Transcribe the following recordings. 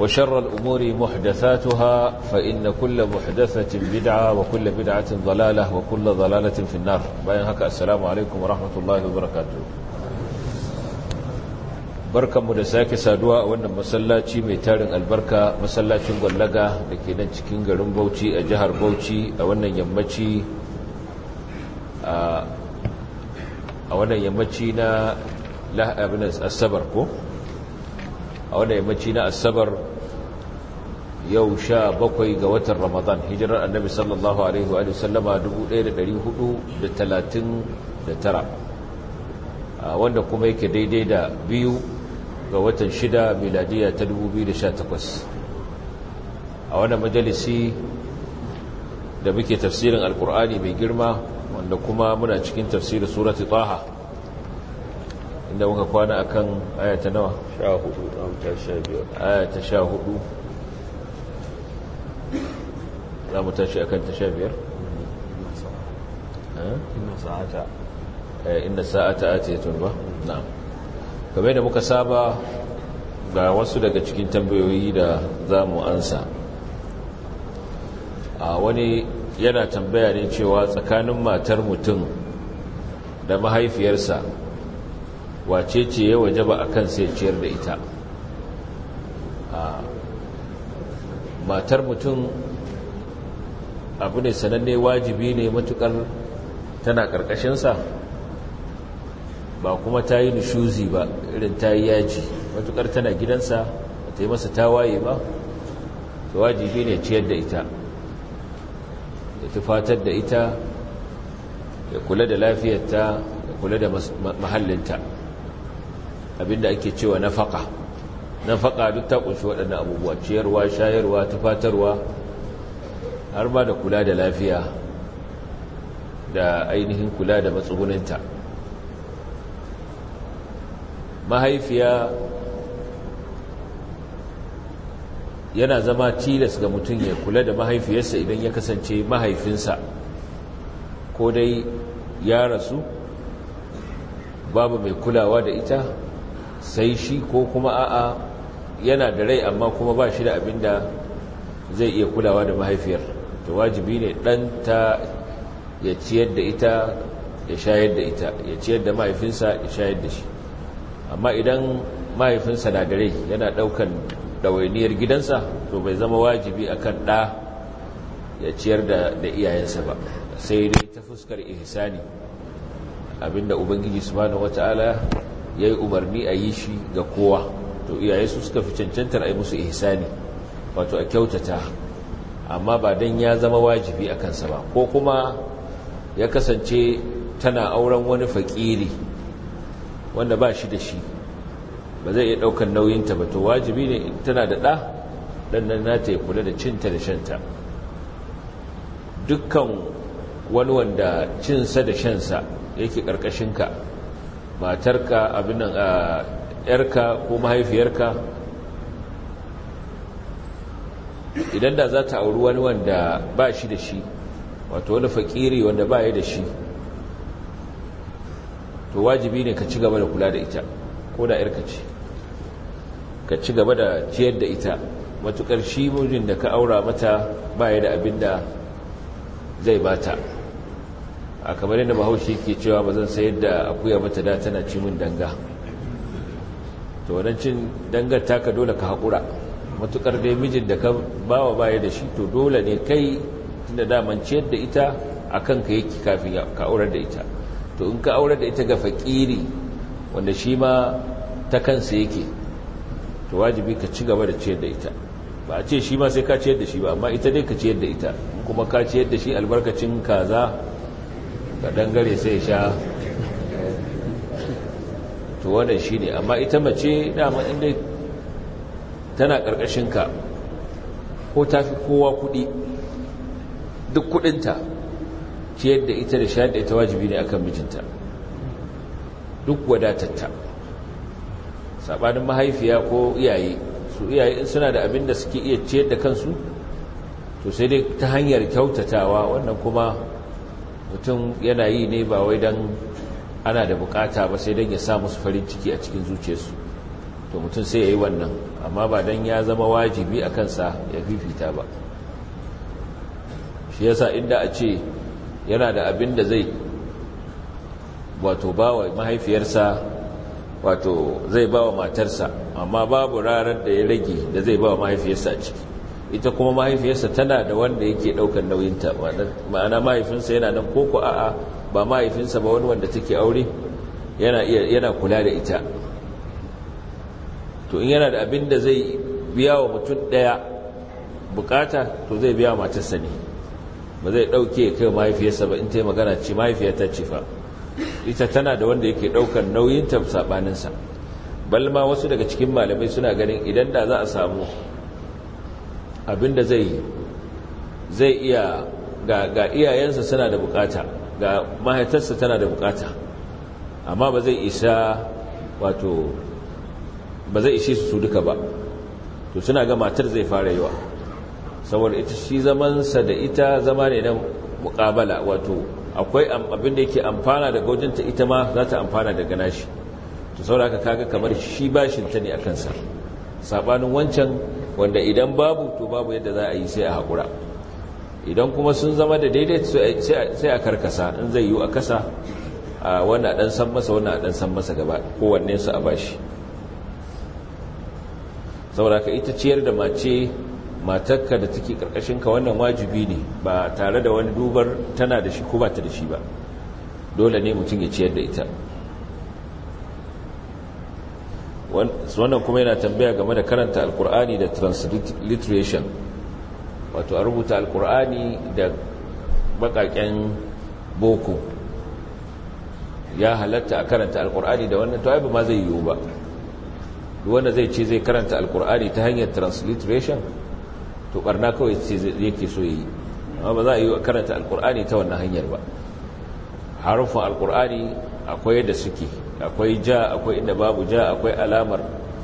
وشر الأمور محدثاتها فإن كل محدثة بدعة وكل بدعة ضلالة وكل ضلالة في النار بيان هكا السلام عليكم ورحمة الله وبركاته بركة مدساك سادواء وانا مسلاتي ميتارن البركة مسلاتي مغلقة لكي ننشكين غرم بوتي أجهر بوتي وانا يمتي وانا يمتي نا لا أبنى السبر كو a wanda yammaci na asabar yau sha bakwai ga watan ramadan hijirar annabi sallallahu alaihi wa sallama 1439 wanda kuma yake daidai da biyu ga watan shida miladiya ta 2018 a wannan majalisi da muke tafsirin alkur'ani mai girma wanda kuma muna cikin tafsirin surati taha inda muka kwana akan ayata nawa 14 ayata 14 za mu tashi akan ta biyar eh? inna sa'ata eh, ati tun ba na'am kamar da muka saba ga wasu daga cikin tambayoyi da za mu ansa a wani yana tambaya ne cewa tsakanin matar mutum da mahaifiyarsa wace ce ya waje ba a sai ciyar da ita matar mutum abu ne sananne wajibi ne matukar tana ƙarƙashinsa ba kuma ta yi nishuzi ba irin ta yi yaji matukar tana gidansa ba ta yi masa tawaye ba wajibi ne ciyar da ita ya tufatar da ita ya kula da lafiyarta ya kula da mahallinta abinda ake cewa nafaka nafaka duk ta kunshi waɗannan abubuwa ciyarwa shayarwa tufatarwa har ba da kula da lafiya da ainihin kula da matsuguninta mahaifiya yana zama tilas ga mutum ya kula da mahaifiyarsa idan ya kasance mahaifinsa ko dai ya rasu babu mai kulawa da ita sai shi ko kuma a'a yana da rai amma kuma ba shi da abin da zai iya kulawa da mahaifiyar da wajibi ne ɗanta ya ciyar da ita ya shayar da ita ya ciyar da mahaifinsa ya shayar da shi amma idan mahaifinsa na da rai yana ɗaukan ɗawainiyar gidansa to bai zama wajibi akan ɗa ya ciyar da iyayensa ba sai dai ta fuskar ihsani abinda ubangiji su subhanahu wata'ala yi umarni a yi shi ga kowa to iyaye su suka fi cancantar a yi musu ihisani wato a kyautata amma ba don ya zama wajibi a kansa ba ko kuma ya kasance tana auren wani fakiri wanda ba shi da shi ba zai iya ɗaukar nauyinta ba to wajibi ne tana da ɗa ɗan nan nata ya kula da cinta da shanta dukkan wani wanda cinsa da shansa yake ƙarƙashinka matarka abinan a yarka ko mahaifiyarka idan da za ta auri wani wanda ba shi da shi wato wani fakiri wanda ba ya da shi to wajibi ne ka ci gaba da kula da ita ko da yarka ce ka ci gaba da ciyar da ita matukar shi mujin da ka aura mata ba ya da abin da zai ba ta a kamar yadda bahaushe ke cewa ba zan sayar da akuya mata da tana cimin danga to wadancin dangar taka dole ka haƙura matuƙar dai mijin da ka bawa baya da shi to dole ne kai tunda daman ciyar da ita a kanka yake kafin ka aure da ita to in ka aure da ita ga fakiri wanda shi ma ta kansa yake to wajibi ka ci gaba da ciyar da ita ba a ce shi ma sai ka ciyar da shi ba amma ita dai ka ciyar da ita kuma ka ciyar da shi albarkacin kaza ka dangare sai sha to wannan shi ne amma ita mace dama inda tana ka ko ta fi kowa kuɗi duk kuɗinta ciyar da ita da shayar da ita wajibi ne akan mijinta duk wadatatta saɓanin mahaifiya ko iyaye su iyaye suna da abin da suke iya ciyar da kansu to sai dai ta hanyar kyautatawa wannan kuma mutum yana yi ne ba wai don ana da bukata ba sai don ya sa musu farin ciki a cikin zuciyarsu to mutum sai ya yi wannan amma ba don ya zama wajibi a kansa ya fifita ba shi yasa inda a ce yana da abin da zai wato ba wa mahaifiyarsa wato zai ba wa matarsa amma babu ranar da ya rage da zai ba wa mahaifiyarsa ciki ita kuma mahaifiyarsa tana da wanda yake ɗaukar nauyinta ma'ana mahaifinsa yana nan koko a'a ba mahaifinsa ba wani wanda take aure yana kula da ita to in yana da abin da zai biya wa mutum ɗaya bukata to zai biya matarsa ne ba zai ɗauke kai mahaifiyarsa ba in ta yi magana ce mahaifiya ta ce fa ita tana da wanda yake ɗaukar nauyin ta saɓaninsa balma wasu daga cikin malamai suna ganin idan da za a samu abin da zai zai iya ga iyayensa suna da bukata ga mahaitarsa tana da bukata amma ba zai isa wato ba zai ishe su su duka ba to suna ga matar zai fara yiwa saboda ita shi zamansa da ita zama ne na mukabala wato akwai abin da yake amfana daga ta ita ma za ta amfana daga nashi to saboda haka kaga kamar shi bashin ta ne a kansa sabanin wancan wanda idan babu to babu yadda za a yi sai a haƙura idan kuma sun zama da daidai sai a karkasa in zai yiwu a kasa a dan san masa a dan san masa gaba kowanne su a bashi saboda ka ita ciyar da mace matarka da take karkashin ka wannan wajibi ne ba tare da wani dubar tana da shi ko ba ta da shi ba dole ne mutum ya ciyar da ita wannan kuma yana tambaya game da karanta alkur'ani da transliteration wato a rubuta alkur'ani da bakaken boko ya halatta a karanta alkur'ani da wannan to ma zai yiwu ba wanda zai ce zai karanta alkur'ani ta hanyar transliteration to barna kawai ce yake so yi amma ba za a yi karanta alkur'ani ta wannan hanyar ba harufin alkur'ani akwai yadda suke akwai ja akwai inda babu ja akwai alamar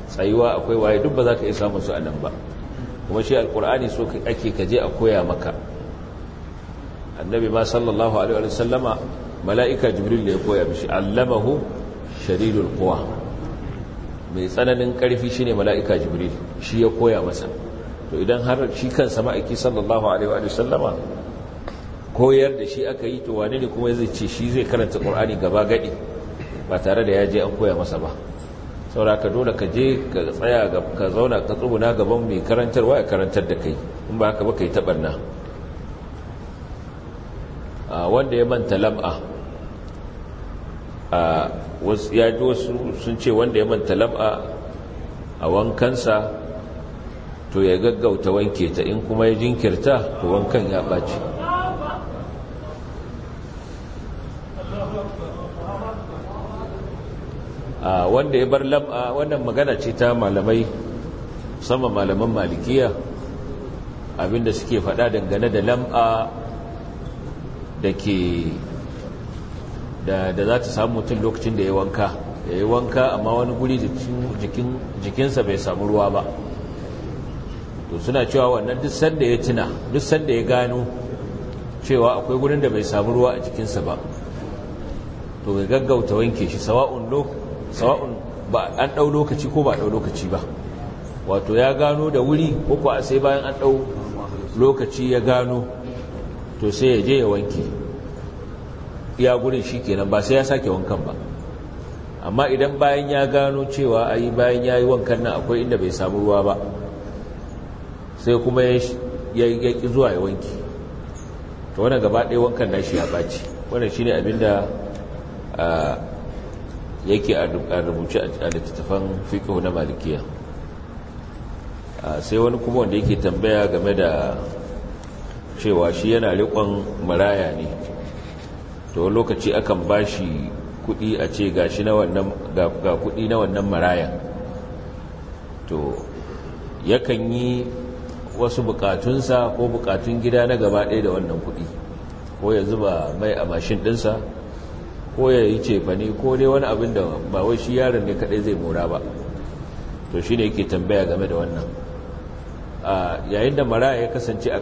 tsayuwa akwai waye duk ba za ka iya samun su a nan ba kuma shi alkur'ani so ake je a koya maka annabi ma sallallahu alaihi wa sallama mala'ika jibril ya koya mishi allamahu sharidul quwa mai tsananin ƙarfi shine mala'ika jibril shi ya koya masa to idan har shi kansa ma'aiki sallallahu alaihi wa sallama koyar da shi aka yi to wani ne kuma zai ce shi zai karanta ƙur'ani gaba gadi ba tare da ya je an koya masa ba saura ka dole ka je ka tsaya ka zauna ka tsuguna gaban mai karantarwa ya karantar da kai in ba haka ba ka yi a ah, wanda ya manta lam'a ah, wasu ya ji wasu sun ce wanda ya manta lam'a a wankansa to ya gaggauta wanke ta in kuma ya jinkirta to wankan ya ɓaci wanda ya bar lam'a wannan magana ce ta malamai sama malaman malikiya abinda suke faɗa dangane da lam'a da ke da za ta samu mutum lokacin da ya wanka ya yi wanka amma wani guri jikinsa bai samu ruwa ba to suna cewa wannan duk sanda ya tuna duk sanda ya gano cewa akwai gurin da bai samu ruwa a jikinsa ba to bai gaggauta wanke shi sawa'un ba an ɗau lokaci ko ba ɗau lokaci ba wato ya gano da wuri ko kuwa sai bayan an ɗau lokaci ya gano to sai ya je ya wanke ya gurin shi kenan ba sai ya sake wankan ba amma idan bayan ya gano cewa a yi bayan ya yi wankan nan akwai inda bai samu ruwa ba sai kuma ya ƙi zuwa ya wanki ta wani gaba ɗaya wankan nashi ya ɓaci wani shi ne abin da yake a rubuce a littattafan fiƙo na malikiya sai wani kuma wanda yake tambaya game da cewa shi yana riƙon maraya ne to lokaci akan ba shi kudi a ce gashi na ga kudi na wannan maraya to yakan yi wasu bukatunsa ko bukatun gida na gaba ɗaya da wannan kudi ko ya zuba mai a mashin ɗinsa ko ya yi cefani ko dai wani abin da ba wai shi yaron ne kaɗai zai mora ba to shi ne yake tambaya game da wannan yayin da maraya ya kasance a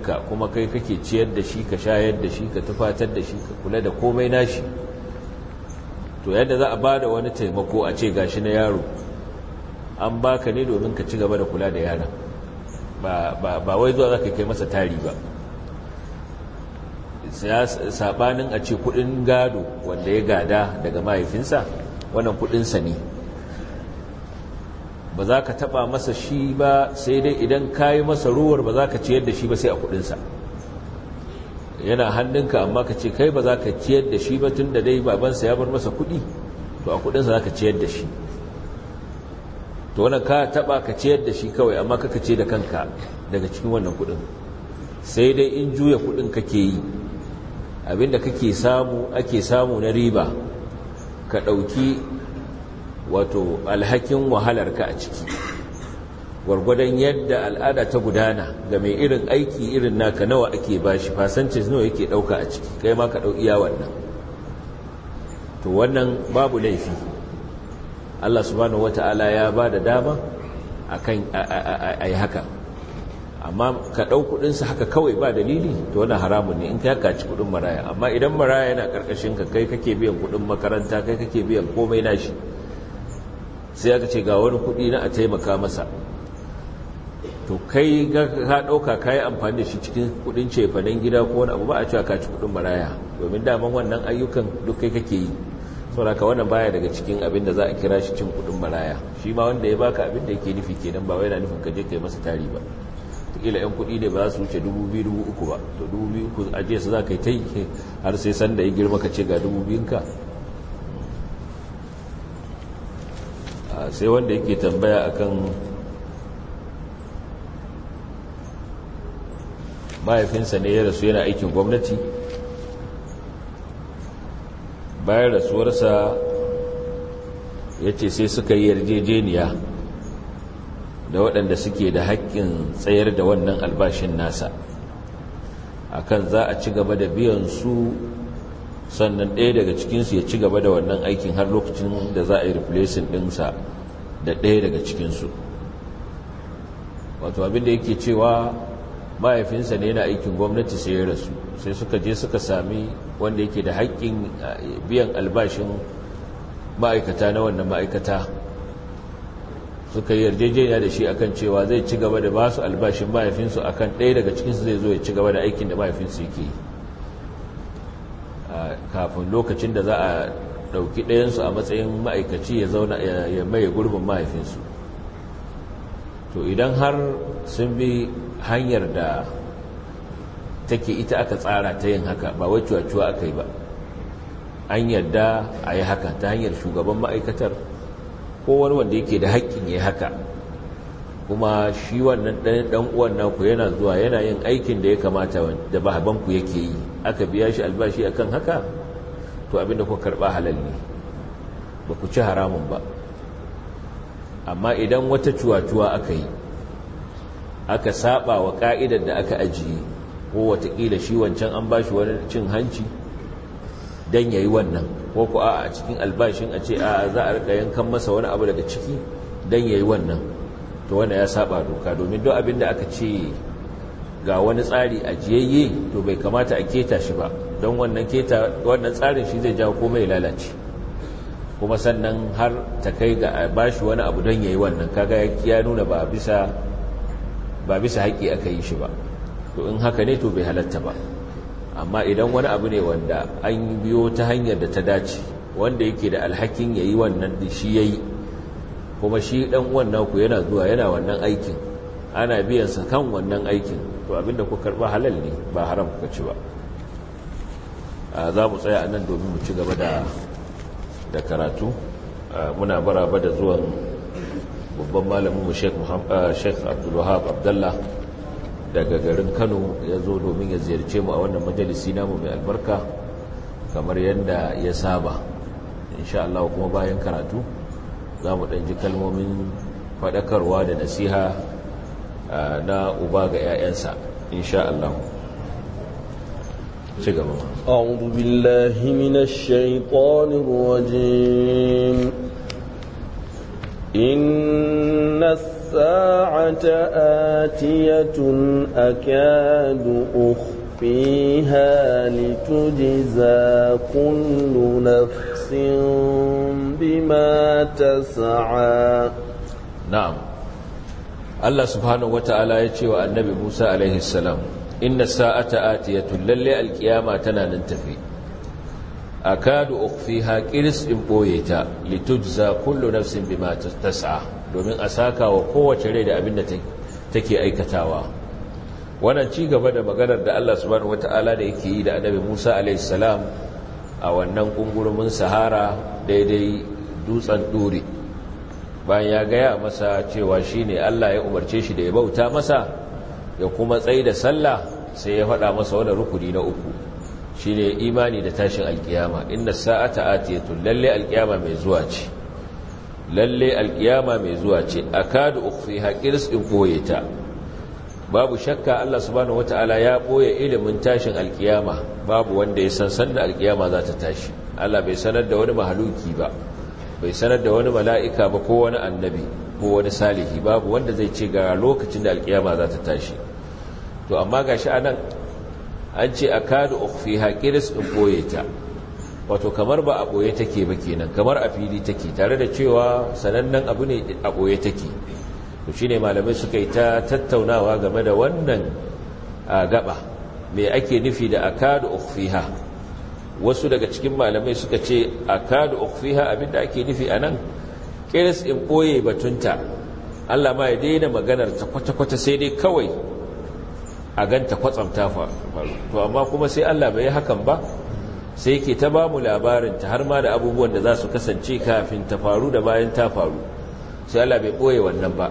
ka kuma kai kake ciyar da shi ka shayar da shi ka tufatar da shi ka kula da komai nashi to yadda za a ba da wani taimako a ce gashi na yaro an baka ne domin ka ci gaba da kula da yaron ba wai zuwa za ka kai masa tari ba sabanin a ce kudin gado wanda ya gada daga mahaifinsa wannan kudinsa ne ba za ka taba masa shi ba sai dai idan ka yi masa ruwar ba za ka ciyar da shi ba sai a kudinsa yana hannunka amma ka ce kai ba za ka ciyar da shi ba tun da dai babansa ya bar masa kudi to a kudinsa za ka ciyar da shi to wannan ka taba ka ciyar da shi kawai amma kaka ce da kanka daga cikin wannan kudin sai dai in juya kudin kake yi abinda kake samu ake samu na riba ka ɗauki. wato alhakin wahalarka a ciki gwargwadon yadda al'ada ta gudana ga mai irin aiki irin naka nawa ake bashi fasancis nawa yake dauka a ciki kai ma ka dauki iya wannan to wannan babu laifi Allah subhanahu wataala ya ba da dama akan ai haka amma ka dau kudin haka kawai ba dalili to wannan haramun ne in kai ka ci kudin maraya amma idan maraya yana karkashin ka kai kake biyan kudin makaranta kai kake biyan komai nashi sai aka ce ga wani kuɗi na a taimaka masa to kai ka ɗauka ka amfani da shi cikin kuɗin cefanen gida ko wani abu ba a cewa ka ci kuɗin maraya domin daman wannan ayyukan duk kai kake yi saboda ka wannan baya daga cikin abin da za a kira shi cin kuɗin maraya shi ma wanda ya baka abin da yake nufi kenan ba wai yana nufin ka je kai masa tari ba kila yan kudi ne ba za su wuce dubu biyu ba to dubu ku ajiye su za ka yi har sai sanda ya girma ka ce ga dubu ka sai wanda yake tambaya akan mahaifinsa ne ya rasu yana aikin gwamnati bayan rasuwarsa ya ce sai suka yi yarjejeniya da waɗanda suke da haƙƙin tsayar da wannan albashin nasa akan za a ci gaba da biyan su sannan ɗaya daga cikinsu ya ci gaba da wannan aikin har lokacin da za a yi replacing ɗinsa da ɗaya daga cikinsu wato abinda yake cewa mahaifinsa ne yana aikin gwamnati sai ya rasu sai suka je suka sami wanda yake da haƙƙin biyan albashin ma'aikata na wannan ma'aikata suka yi yarjejeniya da shi akan cewa zai ci gaba da basu albashin mahaifinsu akan ɗaya daga cikinsu zai zo ya ci gaba da aikin da mahaifinsu yake yi kafin lokacin da za a ɗauki ɗayansu a matsayin ma'aikaci ya zauna ya maye gurbin mahaifinsu to idan har sun bi hanyar da take ita aka tsara ta yin haka ba wai cuwa aka yi ba an yarda a yi haka ta hanyar shugaban ma'aikatar ko wani wanda yake da haƙƙin ya haka kuma shi wannan ɗan uwan naku yana zuwa yana yin aikin da ya kamata da babanku yake yi aka biya shi albashi akan haka to abinda kuka karɓa halal ne ba ku ci haramun ba amma idan wata cuwa-cuwa aka yi aka saba wa ka'idar da aka ajiye ko watakila shi wancan an bashi wani cin hanci don ya yi wannan ko ku a cikin albashin a ce a za a riƙa yankan masa wani abu daga ciki don ya yi wannan to wanda ya saba doka domin don abin da aka ce ga wani tsari ajiyayye to bai kamata a keta shi ba don wannan tsarin shi zai jawo komai lalace kuma sannan har ta kai ga a ba shi wani abu don yayi wannan kaga ya nuna ba bisa ba bisa haƙi aka yi shi ba to in haka ne to bai halatta ba amma idan wani abu ne wanda an biyo ta hanyar da ta dace wanda yake da alhakin yayi wannan da shi yayi kuma shi ɗan uwan ku yana zuwa yana wannan aikin ana biyan sa kan wannan aikin to abinda ku karba halal ne ba haram ku ci ba za mu tsaya a nan domin mu ci gaba da karatu muna baraba da zuwan babban malaminmu sheikh abdullahab abdullah daga garin kano ya zo domin ya ziyarce mu a wannan majalisi namu mai albarka kamar yadda ya saba insha Allah kuma bayan karatu za mu ɗanji kalmomin faɗakarwa da nasiha na uba ga 'ya'yansa insha Allah ci gaba a'udhu billahi minash shaitanir rajim inna saata atiyatun akadu ukhfiha litujza kullu nafsin bima tas'a na'am Allah subhanahu wata'ala ya ce wa annabi Musa alaihi salam inna sa'ata atiyatun lalle alkiyama tana nan tafi akadu ukhfiha qiris in boyeta ta litujza kullu nafsin bima tas'a domin a saka wa kowace rai da abin da take aikatawa wannan ci gaba da maganar da Allah subhanahu wata'ala da yake yi da annabi Musa alaihi salam a wannan kungurumin sahara daidai dutsen duri bayan ya gaya masa cewa shi ne Allah ya umarce shi da ya bauta masa ya kuma tsayi da sallah sai ya faɗa masa wani rukuni na uku shine imani da tashin alkiyama inda sa'ata atiyatun lalle alkiyama mai zuwa ce lalle alkiyama mai zuwa ce akadu ukhfi haqirs in koye ta babu shakka Allah subhanahu wataala ya ɓoye ilimin tashin alkiyama babu wanda ya san sanda alkiyama za ta tashi Allah bai sanar da wani mahaluki ba bai sanar da wani mala'ika ba ko wani annabi ko wani salihi babu wanda zai ce ga lokacin da alkiyama za ta tashi to amma ga shi anan an ce a kadu ukfi haƙiris in ɓoye ta wato kamar ba a ɓoye take ba kenan kamar a fili take tare da cewa sanannen abu ne a ɓoye take to shi ne malamai suka yi ta tattaunawa game da wannan gaba mai ake nufi da a kada kadu ukfiha wasu daga cikin malamai suka ce a kadu ukfiha abinda ake nufi a nan kiris in ɓoye batunta allah ma ya daina maganar ta kwata-kwata sai dai kawai a ganta kwatsam ta faru to amma kuma sai allah bai hakan ba sai ke ta ba mu ta har ma da abubuwan da za su kasance kafin ta faru da bayan ta faru sai allah bai ɓoye wannan ba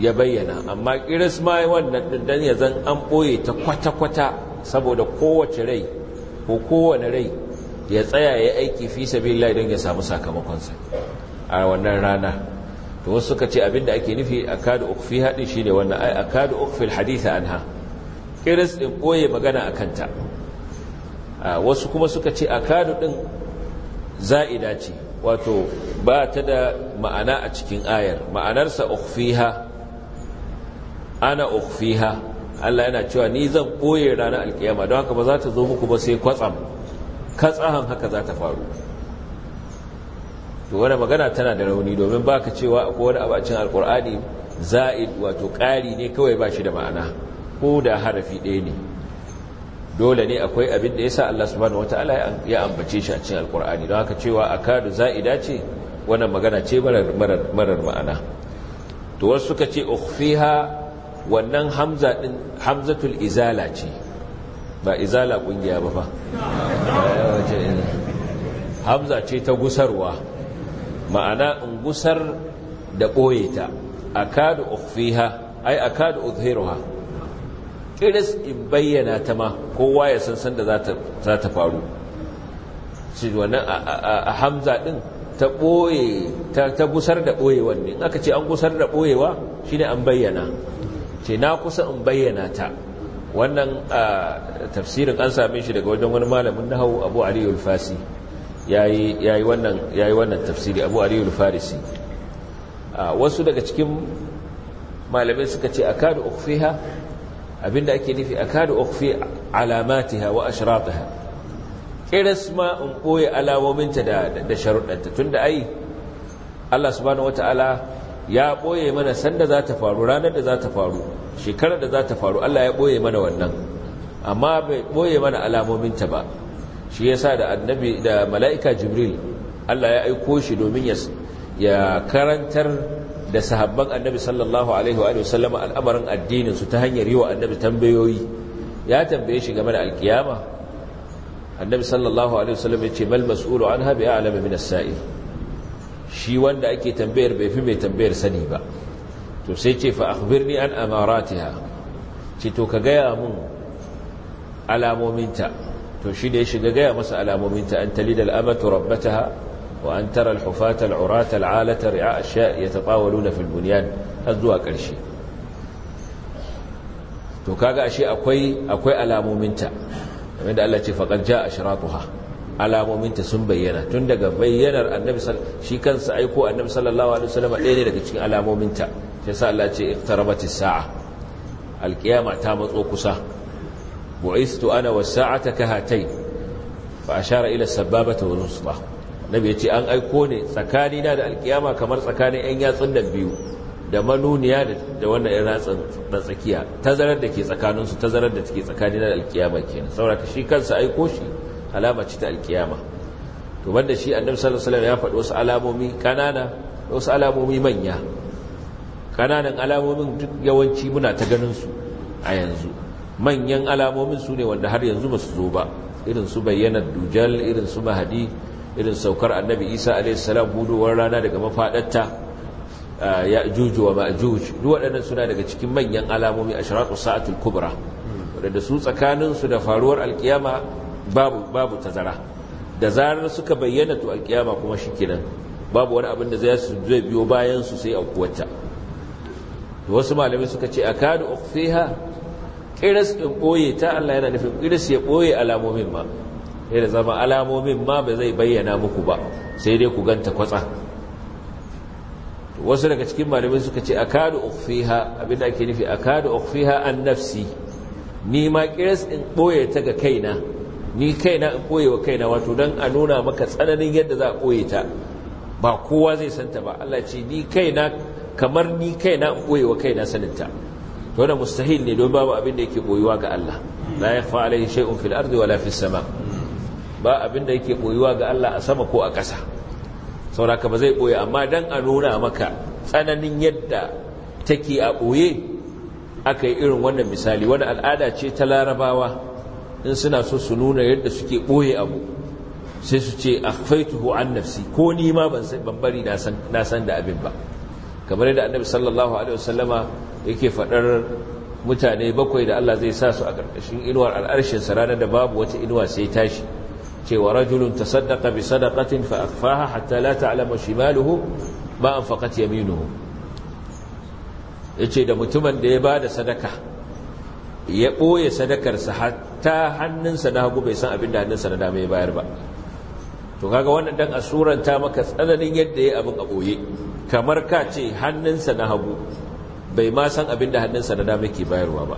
ya bayyana amma kiris ma wannan dan ya zan an ɓoye ta kwata-kwata saboda kowace rai ko kowane rai ya tsaya ya aiki fi sabilillah don ya samu sakamakonsa a wannan rana to wasu suka ce abinda ake nufi a ukufi haɗi shi shine wannan ai ukufi haditha an ha kiris ɗin ɓoye magana a kanta. wasu kuma suka ce akadu ɗin za'ida ce wato ba ta da ma'ana a cikin ayar ma'anarsa ha, ana ha. Allah yana cewa ni zan boye ranar alkiyama don haka ba za ta zo muku ba sai kwatsam katsahan haka za ta faru to wani magana tana da rauni domin baka cewa akwai wani abacin alkur'ani za'id wato ƙari ne kawai ba shi da ma'ana ko da harafi ɗaya ne dole ne akwai abin da ya sa Allah subhanahu wataala ya ambace shi a cikin alkur'ani don haka cewa akadu za'ida ce wannan magana ce marar ma'ana to wasu suka ce ukhfiha wannan hamza din hamzatul izala ce ba izala kungiya ba fa hamza ce ta gusarwa ma'ana in gusar da ɓoye ta akadu ukhfiha ai akadu udhiruha kiris in bayyana ta ma kowa ya san san da za ta faru shi wannan a hamza din ta ɓoye ta gusar da ɓoyewan ne aka ce an gusar da boyewa shine an bayyana ce na kusa in bayyana ta wannan tafsirin an same shi daga wajen wani malamin nahawu abu aliyul fasi yayi yi wannan yayi wannan tafsiri abu aliyul farisi wasu daga cikin malamin suka ce akadu ukhfiha abinda ake nufi akadu ukhfi alamatiha wa ashratiha kiras ma in boye alamominta da da sharuɗanta tunda ai Allah subhanahu wataala ya ɓoye mana sanda za ta faru ranar da za ta faru shekarar da za ta faru Allah ya ɓoye mana wannan amma bai ɓoye mana alamominta ba shi ya sa da annabi da mala'ika jibril Allah ya aiko shi domin ya karantar da sahabban annabi sallallahu alaihi wa sallam al'amarin addininsu ta hanyar yi wa annabi tambayoyi ya tambaye shi game da alkiyama annabi sallallahu alaihi wa sallam ya ce mal mas'ulu an habi a'lama min as-sa'il shi wanda ake tambayar bai fi mai tambayar sani ba to sai ce fa akhbirni an amaratiha ce to ka gaya mun alamominta to shi da ya shiga gaya masa alamominta an talida al'amatu rabbataha wa an tara al-hufata al-urata al-alata ri'a ashiya fil bunyan har zuwa ƙarshe to kaga ashe akwai akwai alamominta kamar da Allah ce faqad jaa ashratuha alamominta sun bayyana tun daga bayyanar annabi shi kansa aiko annabi sallallahu alaihi wasallam ɗaya ne daga cikin alamominta shi yasa Allah ce iqtarabatis sa'a alqiyama ta matso kusa bu'istu ana was sa'ata kahatai fa ashara ila sababata wal usba nabi yace an aiko ne tsakani da alqiyama kamar tsakanin ɗan yatsun da biyu da manuniya da wannan ɗan yatsun da tsakiya tazarar da ke tsakaninsu tazarar da take tsakanina da alqiyama kenan saboda shi kansa aiko shi alama ce ta alkiyama to banda shi annabi sallallahu alaihi wasallam ya faɗi wasu alamomi kanana wasu alamomi manya kananan alamomin duk yawanci muna ta ganin su a yanzu manyan alamomin su ne wanda har yanzu ba su zo ba irin su bayyanar dujal irin su mahadi irin saukar annabi isa salam buduwar rana daga mafaɗarta ya juju wa ma'juj duk waɗannan suna daga cikin manyan alamomi a sa'atul kubra wanda su tsakaninsu da faruwar alkiyama babu babu tazara da zarar suka bayyana to kiyama kuma shikenan babu wani abin da zai zai biyo bayan su sai aukuwata wasu malamai suka ce akadu ukhfiha kiras in boye ta Allah yana nufin kiras ya boye alamomin ma da zama alamomin ma ba zai bayyana muku ba sai dai ku ganta kwatsa wasu daga cikin malamai suka ce akadu ukhfiha abin da ake nufi akadu ukhfiha an nafsi ni ma kiras in boye ta ga kaina ni kaina in koye wa kaina wato don a nuna maka tsananin yadda za a koye ta ba kowa zai santa ba Allah ce ni kaina kamar ni kaina in koye wa kaina saninta to da mustahil ne don babu abin da yake koyuwa ga Allah la fa alai shay'un fil ardi wala fis sama ba abin da yake boyuwa ga Allah a sama ko a ƙasa sauraka ba zai boye amma dan a nuna maka tsananin yadda take a boye aka yi irin wannan misali wani al'ada ce ta larabawa in suna so su nuna yadda suke ɓoye abu sai su ce akhfaituhu an nafsi ko ni ma ban bari na san da abin ba kamar yadda annabi sallallahu alaihi wasallama yake faɗar mutane bakwai da Allah zai sa su a ƙarƙashin inuwar al'arshin sa ranar da babu wata inuwa sai tashi cewa rajulun tasaddaqa bi sadaqatin fa akhfaha hatta la ta'lama shimaluhu ma anfaqat yaminuhu yace da mutumin da ya bada sadaka ya ɓoye sadakarsa hatta hannunsa na hagu bai san abin da hannunsa na dama ya bayar ba to kaga wannan dan a asuranta maka tsananin yadda ya abin a ɓoye kamar ka ce hannunsa na hagu bai ma san abin da hannunsa na dama ke bayarwa ba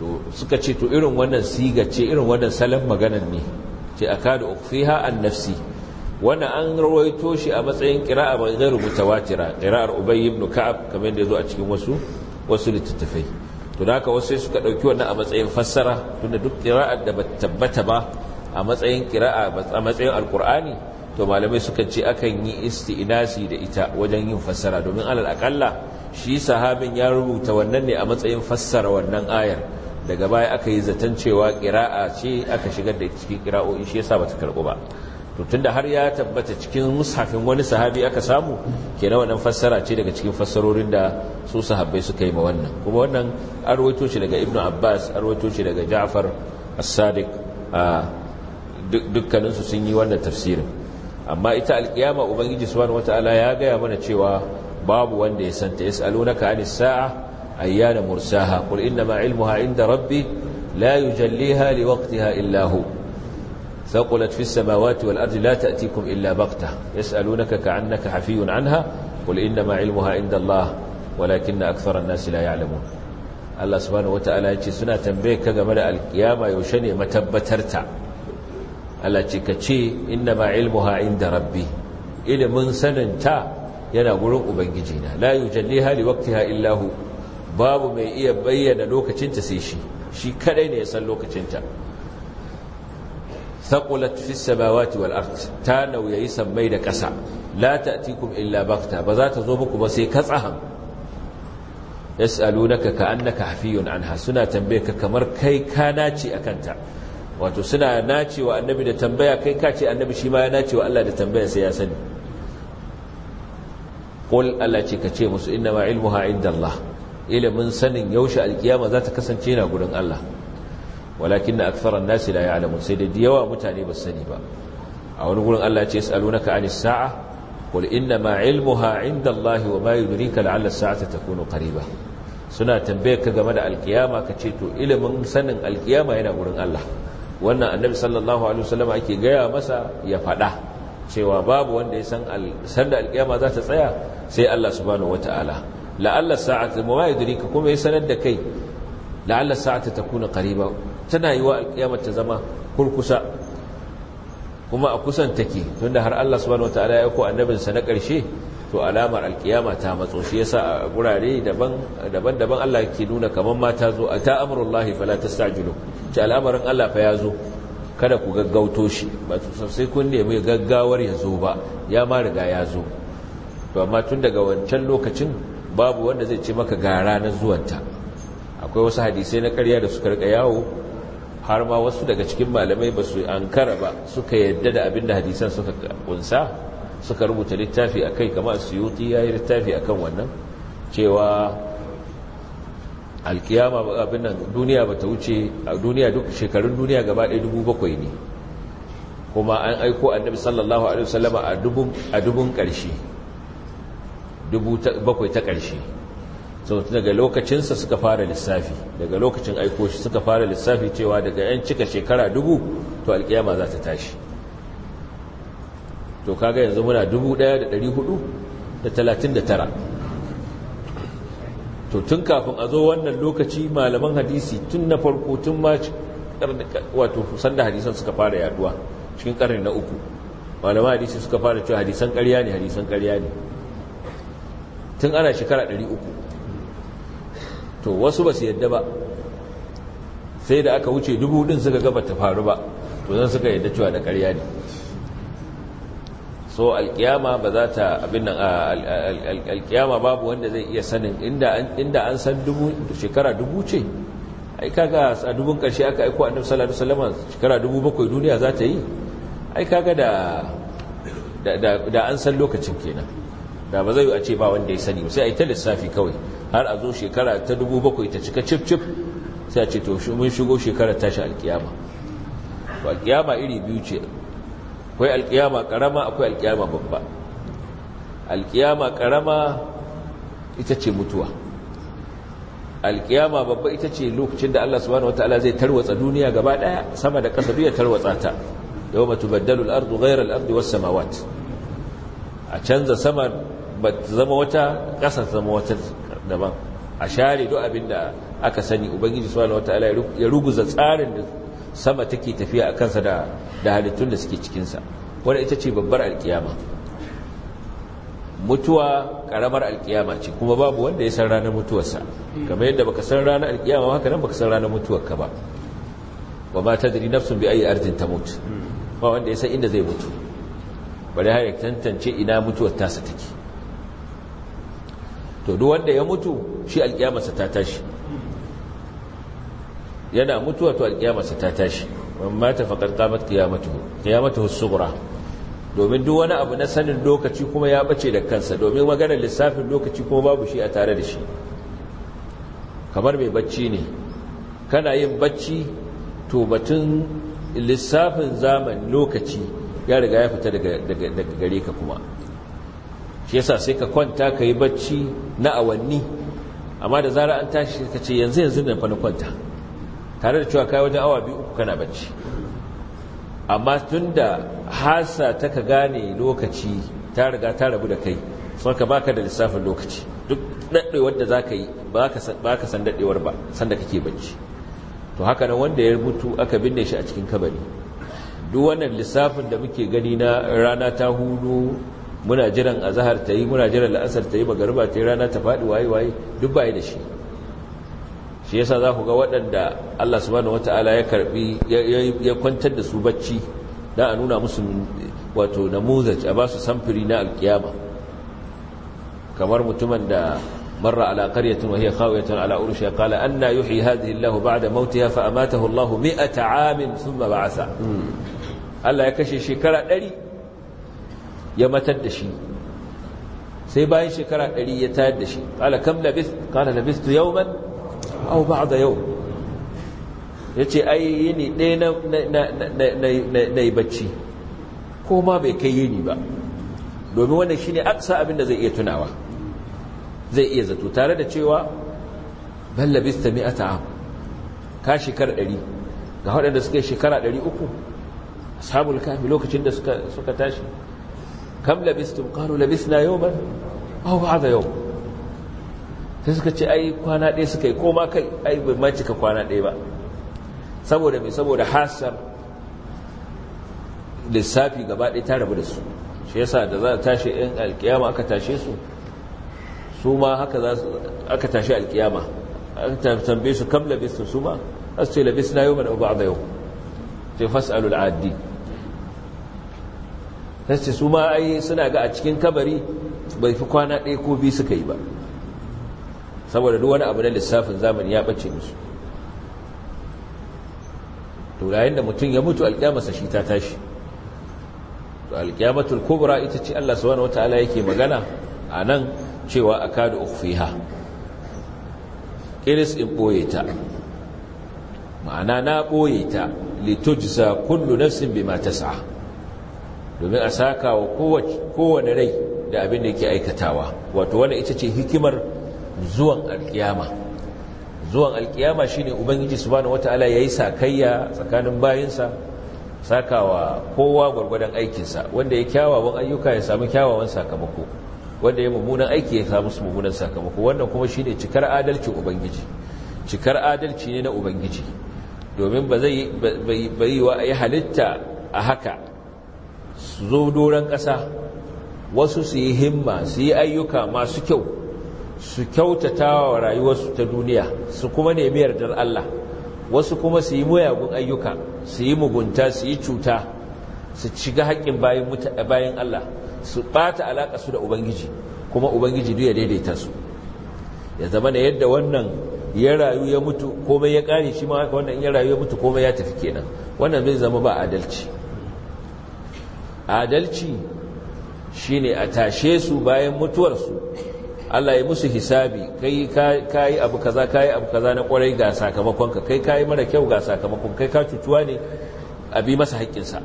to suka ce to irin wannan siga ce irin wannan salon maganan ne ce akadu ukfiha an nafsi wannan an rawaito shi a matsayin kira'a mai rubuta watira qira'ar ubay ibn ka'ab kamar yadda ya zo a cikin wasu wasu littattafai to da haka wasu suka ɗauki wannan a matsayin fassara tunda duk ƙira'ar da ba tabbata ba a matsayin ƙira'a a matsayin alƙur'ani to malamai suka ce akan yi isti'inasi da ita wajen yin fassara domin alal akalla shi sahabin ya rubuta wannan ne a matsayin fassara wannan ayar daga baya aka yi zaton cewa ƙira'a ce aka shigar da cikin ƙira'o'i shi yasa bata karɓo ba to da har ya tabbata cikin mushafin wani sahabi aka samu kenan wannan fassara ce daga cikin fassarorin da su sahabbai suka yi ma wannan kuma wannan an rawaito shi daga ibnu abbas an rawaito shi daga ja'far as-sadiq dukkanin sun yi wannan tafsirin amma ita alkiyama ubangiji subhanahu wataala ya gaya mana cewa babu wanda ya santa yas'alunaka anis sa'a ayyana mursaha qul inna ma ilmuha inda rabbi la yujalliha liwaqtiha illa hu ثقلت في السماوات والأرض لا تأتيكم إلا بغتة يسألونك كأنك حفي عنها قل إنما علمها عند الله ولكن أكثر الناس لا يعلمون الله سبحانه وتعالى يجي سنة تنبيك قبل القيامة يوشني متبترت الله يجي إنما علمها عند ربي إلى من سننتا ينقلون أبنجينا لا يجليها لوقتها إلا هو babu mai iya bayyana lokacinta sai shi shi kadai ne ya san lokacinta thaqulat fis samawati wal ard ta nauyayi sammai da ƙasa la ta'tikum illa bakta ba za ta zo muku ba sai katsahan yas'alunaka ka'annaka hafiyun anha suna tambaye ka kamar kai ka nace akan ta wato suna nacewa annabi da tambaya kai ka ce annabi shi ma ya nacewa Allah da tambaya sai ya sani qul Allah ce ka ce musu inna ma ilmuha inda Allah ilimin sanin yaushe alkiyama za ta kasance na gurin Allah walakin na aktharan nasi la ya'lamun sai da yawa mutane ba sani ba a wani gurin Allah ya ce yas'alunaka anis sa'a qul inna ma ilmuha 'inda Allah wa ma yudrika la'alla as-sa'ata takunu qariba suna tambaye ka game da alkiyama ka ce to ilimin sanin alkiyama yana wurin Allah wannan annabi sallallahu alaihi wasallam ake gaya masa ya faɗa cewa babu wanda ya san san da alkiyama za ta tsaya sai Allah subhanahu wataala la'alla as-sa'atu ma yudrika kuma ya sanar da kai la'alla as-sa'atu takuna qariba tana yi wa alƙiyamar ta zama kurkusa kuma a kusan take tunda har Allah subhanahu wataala ya ko annabinsa na ƙarshe to alamar alkiyama ta matso shi yasa a gurare daban-daban Allah ke nuna kamar mata ta zo a ta amurullahi fala tastajilu ci al'amarin Allah fa ya zo kada ku gaggauto shi ba sai kun nemi gaggawar ya zo ba ya ma riga ya zo to amma tun daga wancan lokacin babu wanda zai ce maka gara na zuwanta akwai wasu hadisai na ƙarya da suka rika yawo har ma wasu daga cikin malamai ba su ankara ba suka yadda da abinda hadisan suka kunsa suka rubuta littafi a kai kama suyuti ya yi littafi a kan wannan cewa alkiyama abin nan duniya ba ta wuce a duniya duk shekarun duniya gaba ɗaya dubu bakwai ne kuma an aiko annabi sallallahu alaihi wasallama a dubun ƙarshe dubu bakwai ta ƙarshe sau daga lokacinsa suka fara lissafi daga lokacin aiko shi suka fara lissafi cewa daga 'yan cika shekara dubu to alkiyama za ta tashi to kaga yanzu muna dubu daya da dari hudu da talatin da tara to tun kafin a zo wannan lokaci malaman hadisi tun na farko tun ma wato sanda hadisan suka fara yaduwa cikin karni na uku malaman hadisi suka fara cewa hadisan karya ne hadisan karya ne tun ana shekara dari uku to wasu ba su yadda ba sai da aka wuce dubu din suka gaba ta faru ba to zan suka yadda cewa da karya ne so alkiyama ba za ta abin nan alkiyama babu wanda zai iya sanin inda an san dubu shekara dubu ce ai kaga a dubun ƙarshe aka aiko annabi sallallahu alaihi wasallam shekara dubu bakwai duniya za ta yi ai kaga da da an san lokacin kenan da ba zai a ce ba wanda ya sani sai a yi ta lissafi kawai har a zo shekara ta dubu bakwai ta cika cif cif sai a ce to mun shigo shekara tashi alkiyama to alkiyama iri biyu ce akwai alkiyama karama akwai alkiyama babba alkiyama karama ita ce mutuwa alkiyama babba ita ce lokacin da Allah subhanahu wataala zai tarwatsa duniya gaba daya sama da ƙasa duya tarwatsa ta yau tubaddalu al-ardu ghayra al-ardi a canza sama ba zama wata ƙasa zama wata daban a share duk abin da aka sani ubangiji subhanahu wataala ya ruguza tsarin da sama take tafiya a kansa da da halittun da suke cikin sa wanda ita ce babbar alkiyama mutuwa karamar alkiyama ce kuma babu wanda ya san ranar mutuwarsa kamar yadda baka san ranar alkiyama haka nan baka san ranar mutuwarka ba wa ma tadri nafsun bi ayi ardin mutu ba wanda ya san inda zai mutu bare har ya tantance ina mutuwar tasa take to duk wanda ya mutu shi alƙiyamarsa ta tashi yana mutuwa to alƙiyamarsa ta tashi amma ta faqad qamat ƙiyamatu qiyamatuhu sughra domin duk wani abu na sanin lokaci kuma ya bace da kansa domin maganar lissafin lokaci kuma babu shi a tare da shi kamar mai bacci ne kana yin bacci to batun lissafin zaman lokaci ya riga ya fita daga gare ka kuma shi yasa sai ka kwanta ka yi bacci na awanni amma da zara an tashi ka ce yanzu yanzu fa na kwanta tare da cewa kai wajen awa biyu uku kana bacci amma tunda hasa ta ka gane lokaci ta riga ta rabu da kai sun ka baka da lissafin lokaci duk daɗe wanda za ka yi ba ka san daɗewar ba san da kake bacci to haka nan wanda ya rubutu aka binne shi a cikin kabari duk wannan lissafin da muke gani na rana ta hudu muna jiran azahar ta yi muna jiran la'asar ta yi garba ta yi rana ta faɗi waye waye duk baya da shi shi yasa za ku ga waɗanda Allah subhanahu wata'ala ya karbi ya kwantar da su bacci da a nuna musu wato namuzaj a basu samfuri na alkiyama kamar mutumin da marra ala qaryatin wa hiya khawiyatun ala urushiha qala anna yuhyi hadhihi Allahu ba'da mautiha fa amatahu Allahu mi'ata 'amin thumma ba'atha hmm. Allah ya kashe shekara ɗari. ya matar da shi sai bayan shekara ɗari ya tayar da shi ƙala kam labis ƙala labis tu yau man au ba da yau ya ce ai yini ɗaya na yi bacci ko ma bai kai yini ba domin wannan shi ne aksa abinda zai iya tunawa zai iya zato tare da cewa ban labis ta mi'ata am ka shekara ɗari ga waɗanda suka yi shekara ɗari uku ashabul kafi lokacin da suka tashi kam labistum qalu labisna yawman aw ba'da yawm sai suka ce ai kwana ɗaya suka yi ko ma kai a bai ma cika kwana ɗaya ba saboda mai saboda hasar lissafi gaba ɗaya ta rabu da su shi yasa da za a tashi ɗin alkiyama aka tashe su su ma haka za su aka tashi alkiyama aka tambaye su kam labistum su ma za su sai sai ce su ma ai suna ga a cikin kabari bai fi kwana ɗaya ko biyu suka yi ba saboda duk wani abu na lissafin zamani ya bace musu to da mutum ya mutu alƙyamarsa shi ta tashi to alƙyamatul kubra ita ce Allah subhanahu wataala yake magana a nan cewa a akadu ukhfiha iris in ɓoye ta ma'ana na ɓoye ta litujza kullu nafsin bima tas'a domin a saka wa kowane rai da abin da yake aikatawa wato wanda ita ce hikimar zuwan alkiyama zuwan alkiyama shine ubangiji su subhanahu ya yi sakayya tsakanin bayinsa sakawa kowa gwargwadon aikinsa wanda ya kyawawan ayyuka ya samu kyawawan sakamako wanda ya mummunan aiki ya samu su mummunan sakamako wannan kuma shine cikar adalci ubangiji cikar adalci ne na ubangiji domin ba zai yi wa ya halitta a haka su zo doron ƙasa wasu su yi himma su yi ayyuka masu kyau su kyautata wa rayuwarsu ta duniya su kuma nemi yardar Allah wasu kuma su yi muyagun ayyuka su yi mugunta su yi cuta su ga haƙƙin bayan Allah su ɓata alaƙa su da Ubangiji kuma Ubangiji duk ya daidaita su ya zama da yadda wannan ya rayu ya mutu komai ya ƙare shi ma haka wannan ya rayu ya mutu komai ya tafi kenan wannan zai zama ba adalci adalci shine a tashe su bayan mutuwarsu Allah ya musu hisabi kai kai abu kaza kai abu kaza na kwarai ga sakamakon ka kai kai mara kyau ga sakamakon kai ka cutuwa ne a bi masa haƙƙinsa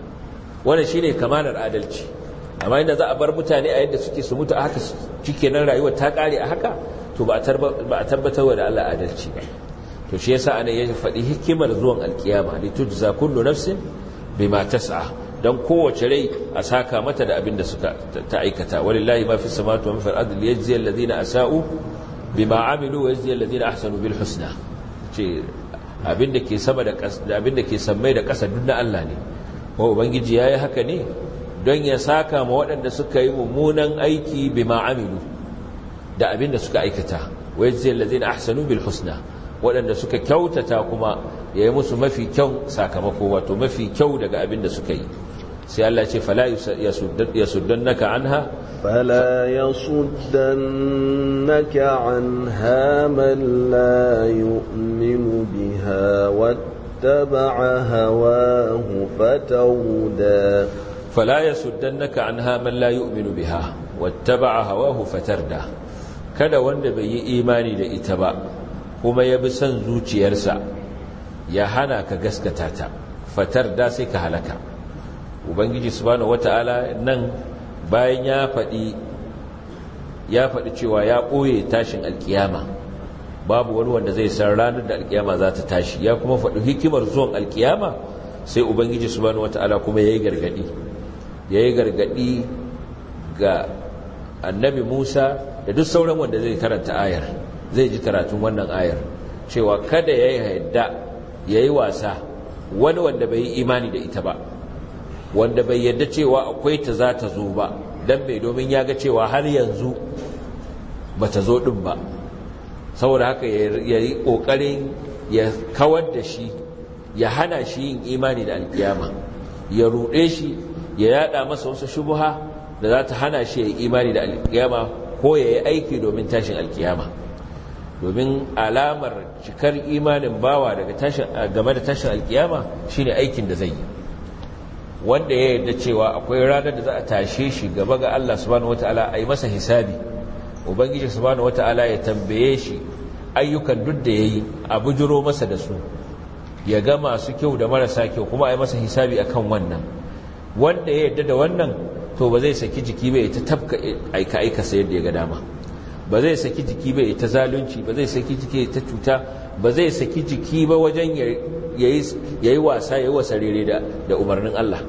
wannan shine kamanar adalci amma inda za a bar mutane a yadda suke su mutu a haka cike nan rayuwar ta kare a haka to ba a tabbatar da Allah adalci ba to shi yasa ana ya faɗi hikimar zuwan alkiyama litujza kullu nafsin bima tas'a don kowace rai a saka mata da abin da suka ta aikata walillahi ma fi samatu wa mafil adl yajzi alladhina asa'u bima amilu wa yajzi alladhina ahsanu bil husna ce abin da ke sama da abin da ke sammai da ƙasa duk Allah ne ko ubangiji yayi haka ne don ya saka ma waɗanda suka yi mummunan aiki bima amilu da abin da suka aikata wa yajzi alladhina ahsanu bil husna waɗanda suka kyautata kuma ya yi musu mafi kyau sakamako wato mafi kyau daga abin da suka yi sai Allah ce fala yasuddannaka anha fala yasuddannaka anha man la yu'minu biha wattaba'a hawahu fatawda fala yasuddannaka anha man la yu'minu biha hawa hufatar da kada wanda bai yi imani da ita ba kuma ya bi son zuciyarsa ya hana ka gaskata ta da sai ka halaka ubangiji subhanahu wata'ala nan bayan ya faɗi ya faɗi cewa ya ɓoye tashin alkiyama babu wani wanda zai san ranar da alkiyama za ta tashi ya kuma faɗi hikimar zuwan alkiyama sai ubangiji subhanahu wata'ala kuma ya yayi gargadi yi gargadi ga annabi Musa da duk sauran wanda zai karanta ayar zai ji karatun wannan ayar cewa kada yayi ya yayi wasa wani wanda bai yi imani da ita ba wanda bai yadda cewa akwai ta za ta zo ba don mai domin ya ga cewa har yanzu ba ta zo ɗin ba saboda haka ya yi ƙoƙarin ya kawar da shi ya hana shi yin imani da alkiyama ya ruɗe shi ya yada masa wasu shubuha da za ta hana shi ya yi imani da alkiyama ko ya yi aiki domin tashin alkiyama domin alamar cikar imanin bawa game da tashin alkiyama shine aikin da zai yi wanda ya yadda cewa akwai ranar da za a tashe shi gaba ga Allah subhanahu wata'ala a yi masa hisabi ubangiji subhanahu wata'ala ya tambaye shi ayyukan duk da ya yi a bujiro masa da su ya ga masu kyau da marasa kyau kuma a yi masa hisabi a kan wannan wanda ya yadda da wannan to ba zai saki jiki ba ya ta tafka aika aika sayar da ya ga dama ba zai saki jiki ba ita zalunci ba zai saki jiki ta cuta ba zai saki jiki ba wajen yayi wasa yayi wasarere da da umarnin Allah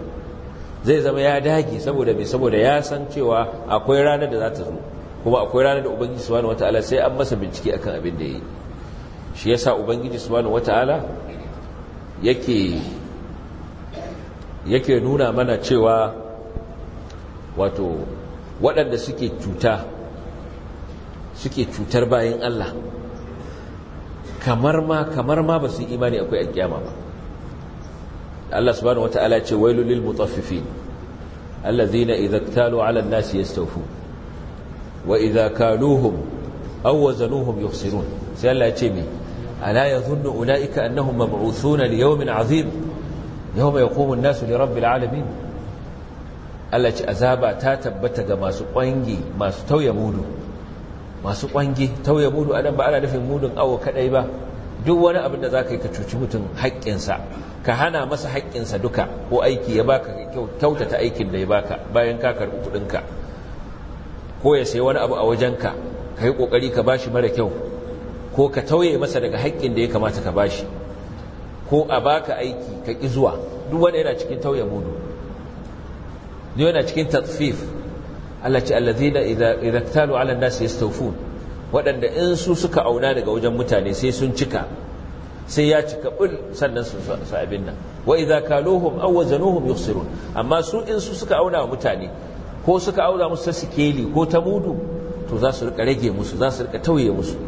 zai zama ya dage saboda me saboda ya san cewa akwai ranar da za ta zo kuma akwai ranar da ubangiji subhanahu wataala sai an masa bincike akan abin da yayi shi yasa ubangiji subhanahu wataala yake yake nuna mana cewa wato waɗanda suke cuta suke cutar bayan Allah kamar ma kamar ma ba su yi imani akwai alkiyama ba Allah subhanahu wataala ce wailul lil mutaffifin alladhina idza iktalu ala an-nasi yastawfun wa idza kaluhum aw wazanuhum yukhsirun sai Allah ya ce me ala yadhunnu ulaika annahum mab'uthuna li yawmin 'azim yawma yaqumu an-nasu li rabbil 'alamin Allah ce azaba ta tabbata ga masu kwangi masu tauye mudu masu kwange tauye mudu anan ba ana nufin mudun awo kadai ba duk wani abin da zaka yi ka cuci mutum haƙƙinsa ka hana masa haƙƙinsa duka ko aiki ya baka ta aikin da ya baka bayan ka karɓi kuɗinka ko ya sayi wani abu a wajenka ka yi ƙoƙari ka bashi mara kyau ko ka tauye masa daga haƙƙin da ya kamata ka bashi ko a baka aiki ka ƙi zuwa duk wani yana cikin tauye mudu duk yana cikin tatfif Allah ce allazina idza idza talu ala an-nas yastawfun waɗanda in su suka auna daga wajen mutane sai sun cika sai ya cika bul sannan su sa abin nan wa idza kaluhum aw wazanuhum yukhsirun amma su in su suka auna wa mutane ko suka auna musu ta sikeli ko ta mudu to za su rika rage musu za su rika tauye musu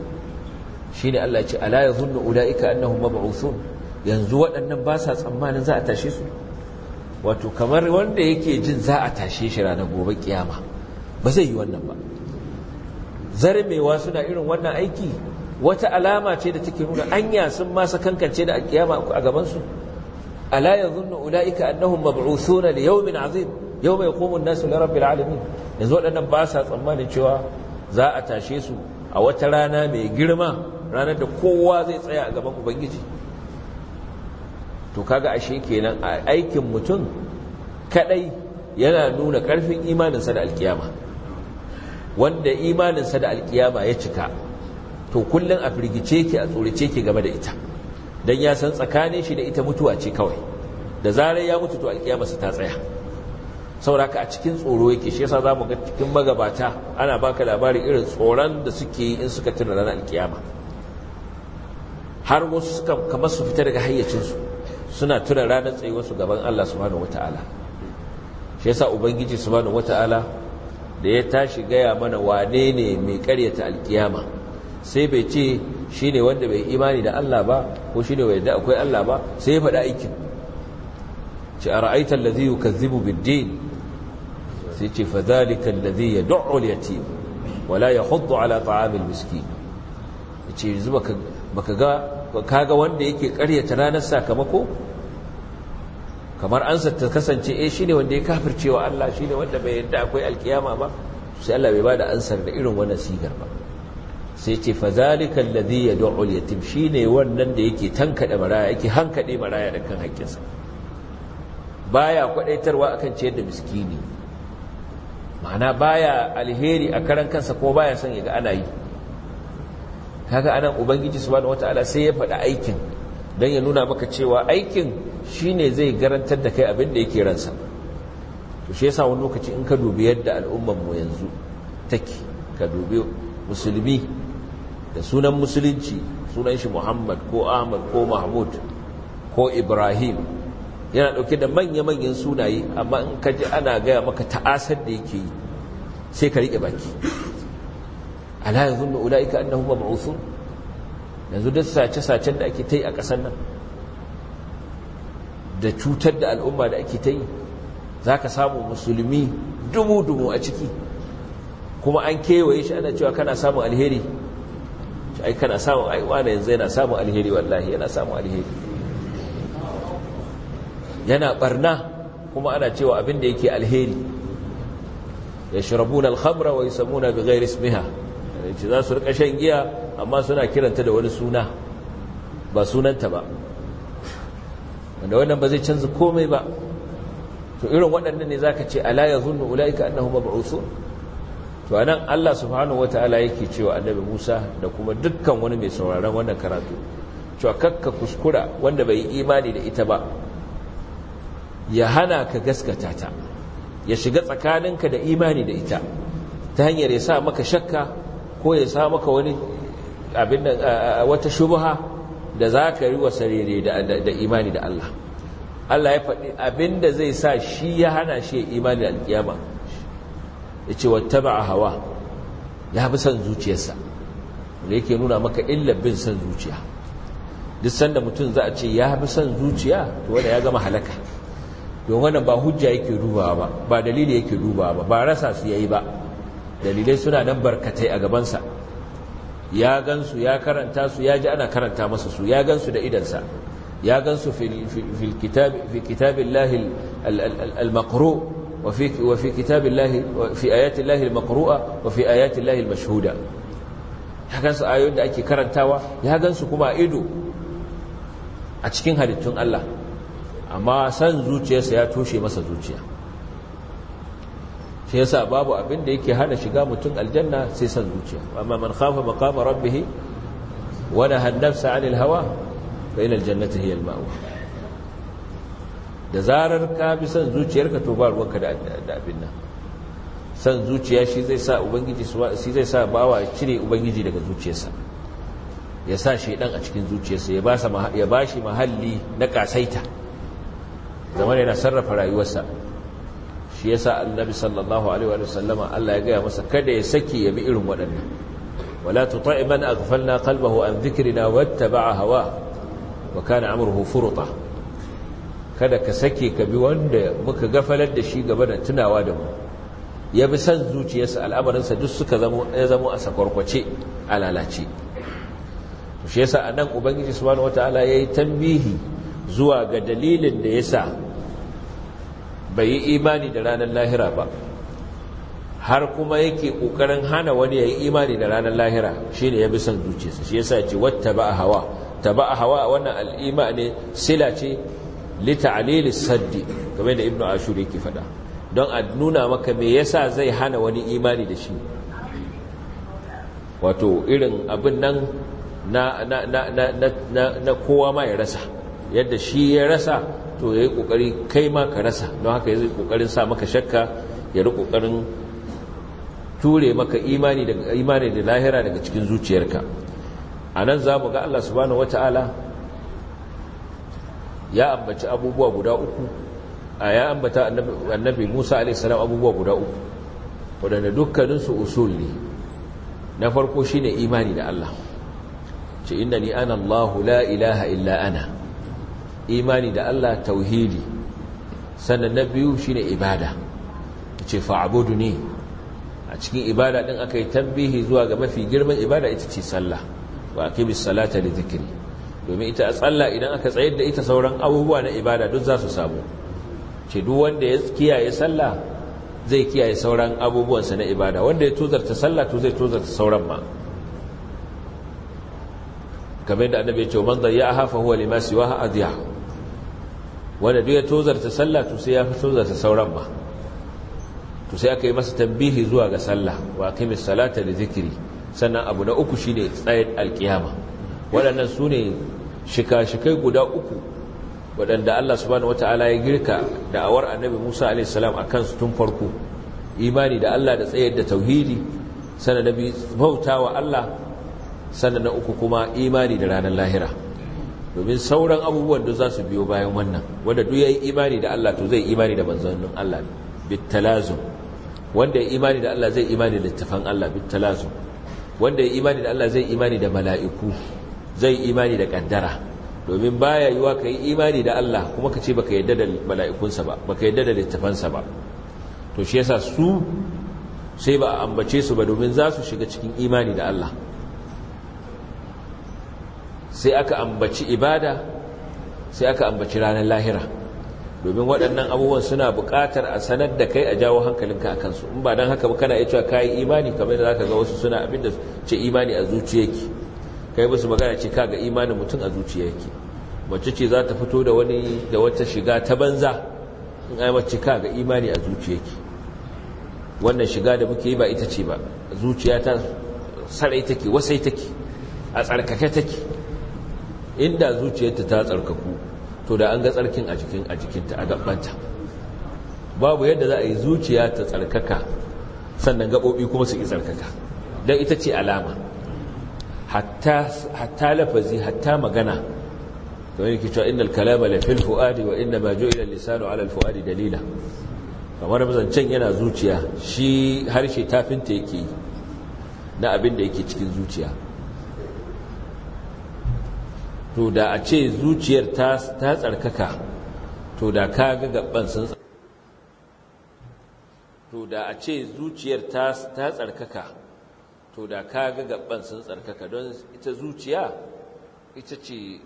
shine Allah ya ce ala yadhunnu ulaika annahum mab'uthun yanzu waɗannan ba sa tsammanin za a tashe su wato kamar wanda yake jin za a tashe shi ranar gobe kiyama ba zai yi wannan ba zarmewa suna irin wannan aiki wata alama ce da take nuna anya sun masa kankance da alkiyama a gabansu ala yadhunnu ulaika annahum mab'uthuna li yawmin azim yawma yaqumu an-nasu li rabbil alamin yanzu wadannan ba sa tsammanin cewa za a tashe su a wata rana mai girma ranar da kowa zai tsaya a gaban ubangiji to kaga ashe kenan aikin mutum kadai yana nuna karfin imaninsa da alkiyama wanda imaninsa da alkiyama ya cika to kullum a firgice ki a tsorace ki game da ita don ya san tsakanin shi da ita mutuwa ce kawai da zarar ya mutu to alkiyama sa ta tsaya sauraka a cikin tsoro yake shi yasa zamu ga cikin magabata ana baka labarin irin tsoron da suke yi in suka tuna ranar alkiyama har wasu suka kamar su fita daga hayyacinsu suna tuna ranar tsayuwarsu gaban Allah subhanahu wataala shi yasa ubangiji subhanahu wataala da ya tashi gaya mana wane ne mai karyata alkiyama sai bai ce shi ne wanda bai imani da Allah ba ko shi ne wanda akwai Allah ba sai ya faɗa aikin ce a ra'aitar da zai yi kazzibu biddin sai ce fazalikan da zai ya do'ul wala ya hudu ala ta'amil miski ce yanzu baka ga wanda yake karyata ranar sakamako kamar ansa ta kasance eh shine wanda ya wa Allah shine wanda bai yadda akwai alkiyama ba sai Allah bai bada ansar da irin wannan sigar ba sai ce fazalika alladhi yad'u al-yatim shine wannan da yake tankade maraya yake hankade maraya da kan sa. baya kwadaitarwa akan ciyar da miskini ma'ana baya alheri a karan kansa ko baya son yaga ana yi kaga anan ubangiji subhanahu wataala sai ya faɗa aikin dan ya nuna maka cewa aikin Shi ne zai garantar da kai abin da yake ransa to shi yasa wani lokaci in ka dubi yadda al'ummar mu yanzu take ka dubi musulmi da sunan musulunci sunan shi Muhammad ko Ahmad ko Mahmud ko Ibrahim yana dauke da manya-manyan sunaye amma in ka ji ana gaya maka ta'asar da yake yi sai ka riƙe baki ala yanzu ula'ika ba ma'usu yanzu da sace-sacen da ake ta yi a ƙasar nan da cutar da al'umma da ake ta yi za ka samu musulmi dubu-dubu a ciki kuma an kewaye shi ana cewa kana samun alheri ai kana samun aiwana yanzu yana samun alheri wallahi yana samun alheri yana barna kuma ana cewa abin da yake alheri ya shirabuna alhamra wa samuna bi ghairi ismiha yace za su rika shan giya amma suna kiranta da wani suna ba sunanta ba wanda wannan ba zai canza komai ba to irin waɗannan ne zaka ce ala yazunnu ulaika annahum mab'uthun to anan Allah subhanahu wataala yake cewa annabi Musa da kuma dukkan wani mai sauraron wannan karatu cewa kakka kuskura wanda bai yi imani da ita ba ya hana ka gaskata ta ya shiga tsakaninka da imani da ita ta hanyar ya sa maka shakka ko ya sa maka wani abin wata shubha da za ka yi wasarere da imani da Allah Allah ya faɗi abinda zai sa shi ya hana shi imani da alƙiyama ya ce wata ba a hawa ya fi son zuciyarsa wanda yake nuna maka illa bin son zuciya duk sanda mutum za a ce ya fi son zuciya to wanda ya gama halaka don wannan ba hujja yake dubawa ba ba dalili yake dubawa ba ba rasa su yayi ba dalilai suna nan barkatai a gabansa ya gansu ya karanta su ya ji ana karanta masa su ya gansu da idansa ya gansu fil kitabillahi al-maqru wa fi kitabillahi fi ayatillahi al-maqru'a wa fi ayatillahi al-mashhuda ya gansu ayoyin da ake karantawa ya gansu kuma ido a cikin halittun Allah amma san zuciyarsa ya toshe masa zuciya sai yasa babu abin da yake hana shiga mutum aljanna sai san zuciya amma man khafa maqama rabbih wa naha an-nafsa 'anil hawa fa ila al-jannati hiya al-ma'wa da zarar ka bi san zuciyarka to ba ruwanka da abin nan san zuciya shi zai sa ubangiji shi zai sa bawa cire ubangiji daga zuciyarsa ya sa shaidan a cikin zuciyarsa ya bashi shi mahalli na kasaita zaman yana sarrafa rayuwarsa shi yasa annabi sallallahu alaihi wa sallama Allah ya gaya masa kada ya saki ya bi irin waɗannan wala tuta'i man aghfalna qalbahu an dhikrina wattaba'a hawa wa kana amruhu furta kada ka sake ka bi wanda muka gafalar da shi gaba da tunawa da mu ya bi san zuciyarsa al'amarinsa duk suka zamo ya zamo a sakwarkwace a lalace to shi yasa anan ubangiji subhanahu wataala yayi tambihi zuwa ga dalilin da yasa bai yi imani da ranar lahira ba har kuma yake kokarin hana wani ya yi imani da ranar lahira shi ne ya bi son zuciyarsa shi sa ce wata ba a hawa ta ba a hawa wannan al'ima ne sila ce lita'alili saddi game da ibnu ashur yake faɗa don a nuna maka me yasa zai hana wani imani da shi wato irin abin nan na kowa ma ya rasa yadda shi ya rasa to ya yi ƙoƙari kai ma ka rasa don haka ya zai ƙoƙarin sa maka shakka ya ri ƙoƙarin ture maka imani da lahira daga cikin zuciyarka a nan za mu ga Allah subhanahu wata'ala ya ambaci abubuwa guda uku a ya ambata annabi musa A.S. abubuwa guda uku waɗanda dukkaninsu usul ne na farko shine imani da Allah ce inda ni ana Allah la ilaha illa ana imani da Allah tauhidi sannan na biyu shine ibada ce fa'abudu ne a cikin ibada ɗin aka yi tambihi zuwa ga mafi girman ibada ita ce sallah wa aqimis salata li dhikri domin ita sallah idan aka tsayar da ita sauran abubuwa na ibada duk za su samu ce duk wanda ya kiyaye sallah zai kiyaye sauran abubuwansa na ibada wanda ya tozarta sallah to zai tozarta sauran ma kamar da annabi ya ce man dayyaha fa huwa lima siwaha adiyahu wanda duk ya tozarta sallah to sai ya fi tozarta sauran ba to sai aka yi masa tambihi zuwa ga sallah wa aqimis salata da zikiri sannan abu na uku ne tsayin alkiyama waɗannan su ne shika-shikai guda uku waɗanda Allah subhanahu wata'ala ya girka da'awar annabi Musa alaihi salam akan su tun farko imani da Allah da tsayar da tauhidi sannan da bautawa Allah sannan na uku kuma imani da ranar lahira domin sauran abubuwan da za su biyo bayan wannan wanda duk yayi imani da Allah to zai imani da manzannin Allah bitalazum wanda ya imani da Allah zai imani da tafan Allah bitalazum wanda ya imani da Allah zai imani da mala'iku zai imani da kaddara domin baya yiwa ka yi imani da Allah kuma ka ce baka yadda da mala'ikunsa ba baka yadda da littafansa ba to shi yasa su sai ba a ambace su ba domin za su shiga cikin imani da Allah sai aka ambaci ibada sai aka ambaci ranar lahira domin waɗannan abubuwan suna buƙatar a sanar da kai a jawo hankalinka a kansu in ba don haka ba kana iya cewa kayi imani kamar da zaka ga wasu suna abin da ce imani a zuciyarki kai musu magana ce kaga imanin mutum a zuciyarki mace ce za ta fito da wani da wata shiga ta banza in ai mace kaga imani a zuciyarki wannan shiga da muke yi ba ita ce ba zuciya ta sarai take wasai take a tsarkake take inda zuciyarta ta tsarkaku to da an ga tsarkin a jikin a jikinta a gabbanta babu yadda za a yi zuciya ta tsarkaka sannan gabobi kuma su yi tsarkaka dan ita ce alama hatta lafazi hatta magana to yake cewa innal kalama la fil fuadi wa inna ma ju'ila lisanu ala al-fuadi dalila kamar mazancen yana zuciya shi harshe tafinta yake na abin da yake cikin zuciya to da a ce zuciyar ta tsarkaka to da ka ga gaban sun to da a ce zuciyar ta tsarkaka to da ka ga gaban sun tsarkaka don ita zuciya ita ce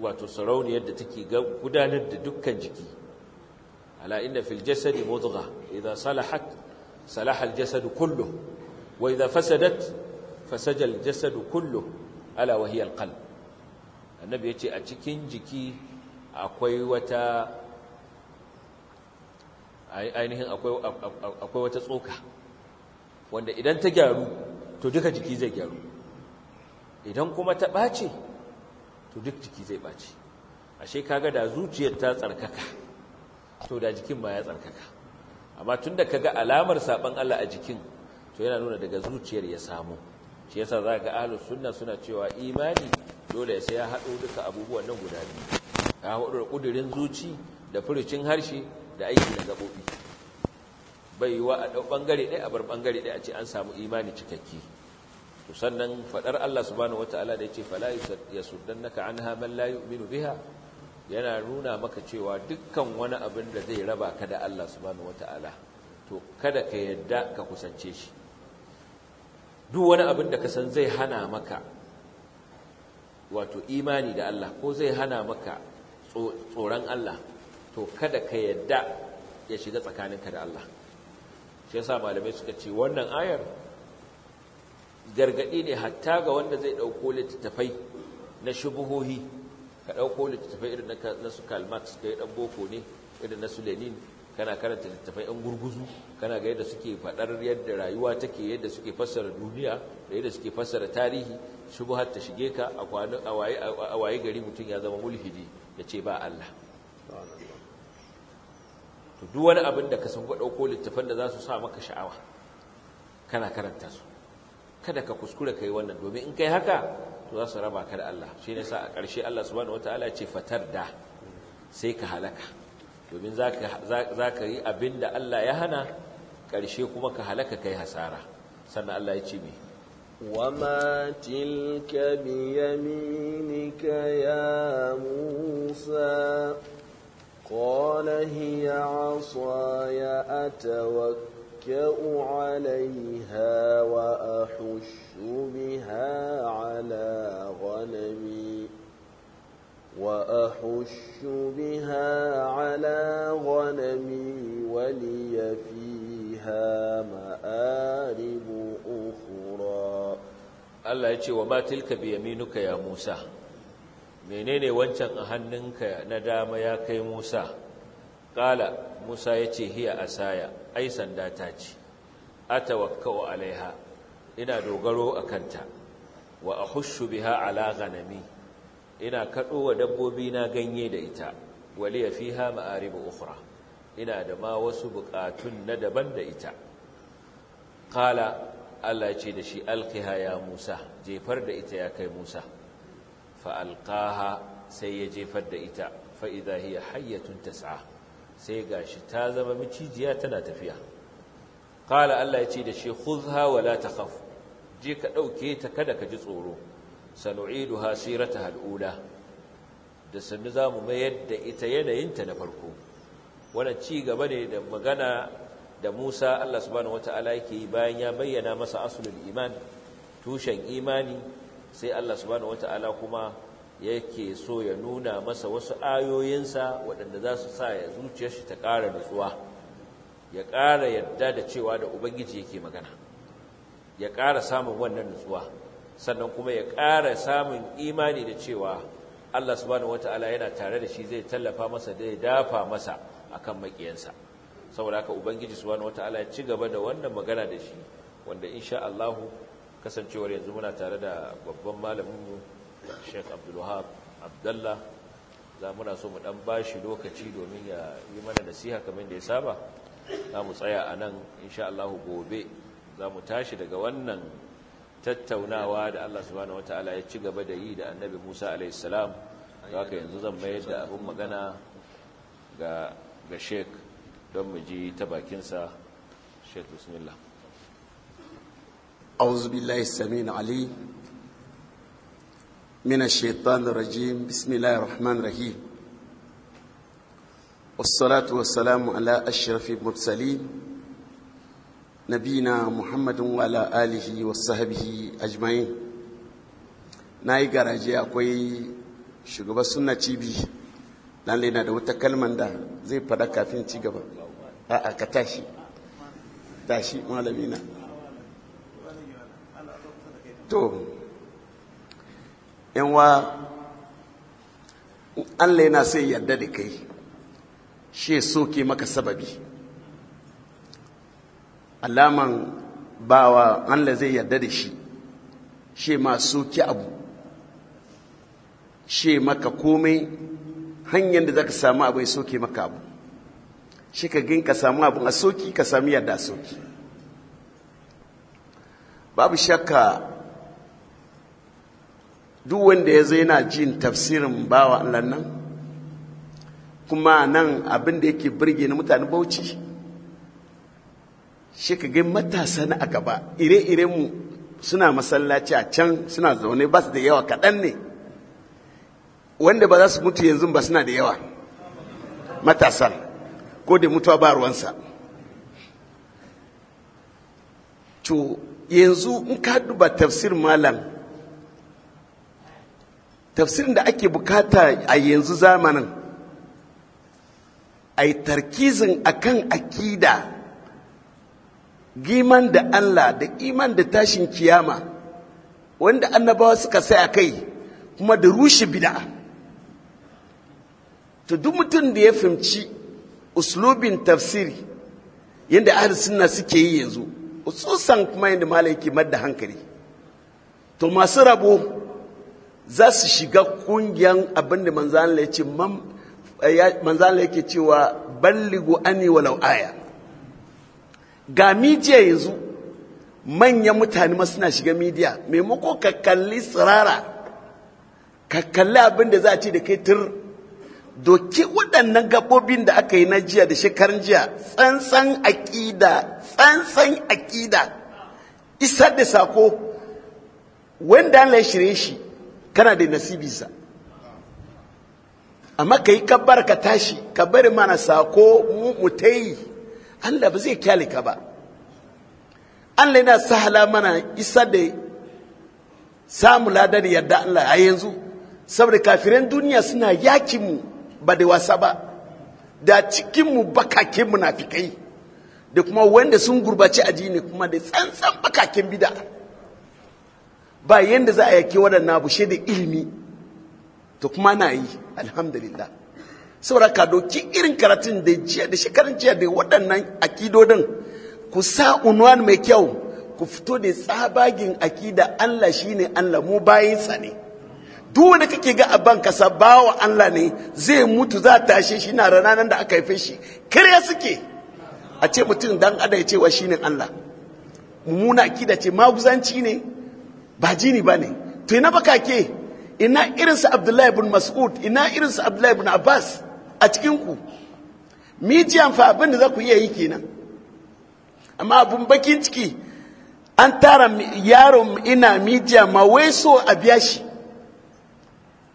wato sarauniyar da take gudanar da dukkan jiki ala inna fil jasadi mudgha idza salahat salaha al jasadu kullu wa idza fasadat fasaja al jasadu kullu ala wa hiya al qalb annabi ya ce a cikin jiki akwai wata ainihin akwai wata tsoka wanda idan ta gyaru to duka jiki zai gyaru idan kuma ta ɓace to duk jiki zai ɓace ashe kaga da zuciyar ta tsarkaka to da jikin ma ya tsarkaka amma tun tunda kaga alamar saban Allah a jikin to yana nuna daga zuciyar ya samu shi yasa zaka ga ahlus sunna suna cewa imani dole sai ya haɗo duka abubuwan nan guda biyu ya haɗo da ƙudurin zuci da furucin harshe da aiki da gaɓoɓi bai yi wa a ɗau ɓangare ɗaya a bar ɓangare ɗaya a ce an samu imani cikakke to sannan faɗar Allah subhanahu ta'ala da ya ce fala an anha man la yu'minu biha yana nuna maka cewa dukkan wani abin da zai raba ka da Allah subhanahu ala, to kada ka yadda ka kusance shi duk wani abin da ka san zai hana maka wato imani da Allah ko zai hana maka tsoron Allah to kada ka yadda ya shiga tsakaninka da Allah shi yasa malamai suka ce wannan ayar Gargaɗi ne hatta ga wanda zai ɗauko littattafai na shubuhohi ka ɗauko littattafai irin na su Karl Marx kai dan boko ne irin na su Lenin kana karanta littafai yan gurguzu kana ga yadda suke faɗar yadda rayuwa take yadda suke fassara duniya da yadda suke fassara tarihi har ta shige ka a waye gari mutum ya zama mulhidi ya ce ba Allah to duk wani abin da ka san ga ɗauko littafan da za su sa maka sha'awa kana karanta su kada ka kuskura kai wannan domin in kai haka to za su raba ka da Allah shi ne sa a ƙarshe Allah subhanahu wataala ya ce fatar da sai ka halaka domin za ka yi abin da Allah ya hana ƙarshe kuma ka halaka kai hasara sannan Allah ya ce mai wama tilka biyaminika ya musa aswa ya atawa هي عصاي أتوكأ a hushu بها ala ghanami وأحش بها على غنمي ولي فيها مآرب أخرى الله يقول وما تلك بيمينك يا موسى menene wancan a hannunka na dama ya kai Musa Ƙala, Musa yace hiya asaya ai sanda ta ce atawakkau alaiha ina dogaro a kanta. wa ahushu biha ala ghanami ina kaɗo wa dabbobi na ganye da ita waliya fiha ma'aribu ukura. ina da ma wasu bukatun na daban da ita Ƙala Allah ce da shi alqiha ya Musa jefar da ita ya kai Musa fa sai ya jefar da ita fa idha hiya hayyatun sa sai gashi ta zama macijiya tana tafiya Ƙala Allah ce da shi khudha ta takhaf je ka ɗauke ta kada ka ji tsoro sanu'iduha sirataha al'ula da sannu zamu mayar da ita yanayinta na farko wannan ci gaba ne da magana da Musa Allah subhanahu wataala yake bayan ya bayyana masa aslul iman tushen imani sai Allah subhanahu wataala kuma yake so ya nuna masa wasu ayoyinsa waɗanda za su sa ya zuciyar shi ta ƙara nutsuwa ya ƙara yadda da cewa da ubangiji yake magana ya ƙara samun wannan nutsuwa sannan kuma ya ƙara samun imani da cewa Allah subhanahu wata'ala yana tare da shi zai tallafa masa da ya dafa masa akan makiyansa saboda haka ubangiji subhanahu wata'ala ya ci gaba da wannan magana da shi wanda insha Allah kasancewar yanzu muna tare da babban malaminmu Sheikh Abdul Wahab Abdullah za muna so mu dan bashi lokaci domin ya yi mana nasiha kamar da ya saba za mu tsaya anan nan insha Allah gobe za mu tashi daga wannan tattaunawa da Allah subhanahu wataala ya ci gaba da yi da annabi Musa alaihi salam haka yanzu zan mayar da abin magana ga ga Sheikh don mu ji ta bakin sa Sheikh bismillah أعوذ بالله السميع العليم من الشيطان الرجيم بسم الله الرحمن الرحيم والصلاة والسلام على أشرف المرسلين nabina muhammadin wala alihi wa sahabihi ajma'in na yi garaje akwai shugaban suna cibi lalle na da wata kalman da zai fada kafin ci gaba a ka tashi tashi malamina to yanwa allah yana sai yarda da kai shi soke maka sababi alaman bawa Allah zai yarda da shi shi ma soki abu shi maka komai hanyar da zaka samu abu ya soke maka abu shi ka gin ka samu abu a soki ka sami yarda soki babu shakka duk wanda ya zai na jin tafsirin bawa Allah nan kuma nan abin da yake birge na mutane bauchi shi ka gai matasa na a gaba ire-ire mu suna masallaci a can suna zaune ba su da yawa kaɗan ne wanda ba za su mutu yanzu ba suna da yawa matasa ko da mutuwa ba ruwansa to yanzu in ka duba tafsir malam tafsirin da ake bukata a yanzu zamanin a yi tarkizin akan akida giman da Allah da iman da tashin kiyama wanda annabawa suka sai a kai kuma da rushe bid'a to duk mutum da ya fahimci uslubin tafsiri yadda ahli sunna suke yi yanzu ususan kuma yadda malai ke madda hankali to masu rabo za su shiga kungiyan abinda manzan ya ce manzan ya ke cewa balligo ani walau aya ga midiya yanzu manyan mutane ma suna shiga midiya maimako ka kalli tsirara ka kalli abin da za a ce da kai tur doki waɗannan gabobin da aka yi na jiya da shekarun jiya tsantsan aƙida tsantsan aƙida isar da sako wanda an ya shirye shi kana da nasibisa, amma ka yi ka tashi ka bari mana sako mu mutai Allah ba zai kyale ka ba Allah yana sahala mana isa da samu ladar yadda Allah a yanzu saboda kafiran duniya suna yaki mu ba da wasa ba da cikin mu bakakin munafikai da kuma wanda sun gurbaci addini kuma da tsantsan bakakin bid'a ba yanda za a yake waɗannan abu da ilimi to kuma na yi alhamdulillah saboda ka doki irin karatun da jiya da shekarun jiya da waɗannan akidodin ku sa unwan mai kyau ku fito da tsabagin akida Allah shine Allah mu bayinsa ne duk wanda kake ga a ban kasa bawa Allah ne zai mutu za tashe shi na ranar da aka haife shi kare suke a ce mutum dan ada ya ce shi shine Allah mummuna akida ce maguzanci ne ba jini ba ne to ina baka ke ina irinsa Abdullahi ibn Mas'ud ina irinsa Abdullahi ibn Abbas a cikinku mijiyan fa abin da za ku iya yi kenan amma abun bakin ciki an tara yaron ina mijiya ma wai so a biya shi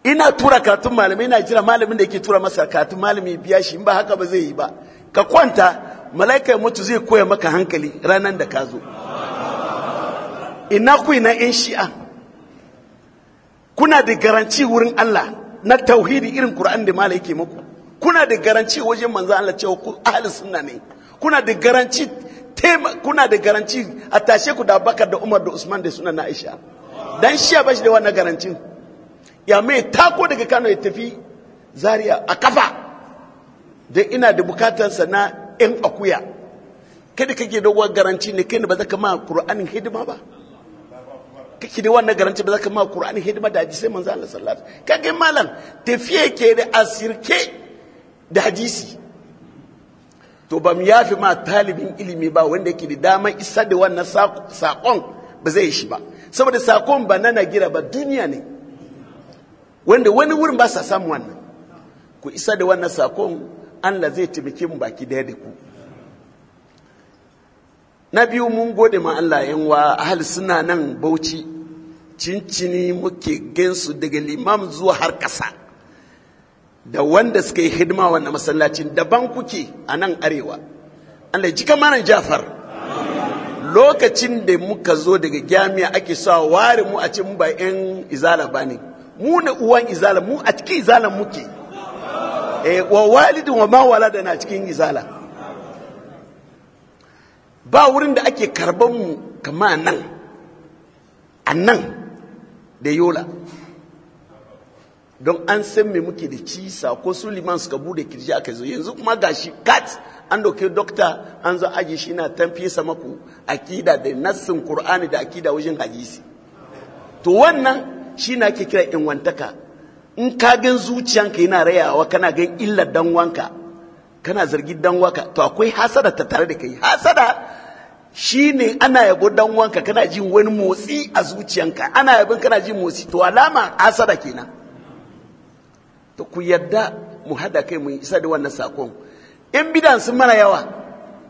ina tura karatun malami ina jira malamin da yake tura masa karatun malami biya shi in ba haka ba zai yi ba ka kwanta mala'ika ya mutu zai koya maka hankali ranar da ka zo ina ku ina in shi'a kuna da garanci wurin Allah na tauhidi irin Qur'an da malai ke muku kuna da garanci wajen manzo Allah cewa ku ahli sunna ne kuna da garanci kuna da garanci a tashe ku da Bakar da Umar da Usman da sunan Aisha dan shi ba shi da wannan garancin ya mai tako daga Kano ya tafi Zaria a kafa da ina da bukatar sana in akuya kada kake da wannan garanci ne kai ne ba zaka ma Qur'anin hidima ba kake da wannan garanci ba zaka ma Qur'anin hidima da sai manzo Allah sallallahu alaihi wasallam kage malam tafiye ke da asirke da hadisi to ba mu yafi ma talibin ilimi ba wanda yake da damar isa da wannan sakon ba zai shi ba saboda sakon ba na nagira ba duniya ne wanda wani wurin ba sa samu wannan ku isa da wannan sakon Allah zai taimake mu baki daya da ku na biyu mun gode ma Allah yan wa ahal suna nan bauchi cincini muke gansu daga limam zuwa har kasa da wanda suka yi hidima wannan masallacin daban kuke a nan arewa Allah ji kamanan jafar lokacin da muka zo daga jami'a ake sa ware mu a cikin mu ba yan izala ba ne mu na uwan izala mu a cikin izala muke eh, wa walidin wa ma da na cikin izala ba wurin da ake karban mu kama nan a nan da yola don an san me muke da cisa ko su liman suka bude kirji aka zo yanzu kuma gashi kat an doke dokta an zo aji shi na tamfesa maku akida da nassin Kur'ani da akida wajen hadisi to wannan shi na ke kira in wantaka in ka gan zuciyanka yana rayawa kana gan illar dan wanka kana zargi dan wanka to akwai hasada ta tare da kai hasada shi ne ana yabo dan wanka kana jin wani motsi a zuciyanka ana yabon kana jin motsi to alama hasada kenan to ku yadda mu hada kai mu isa da wannan sakon in bidan sun mara yawa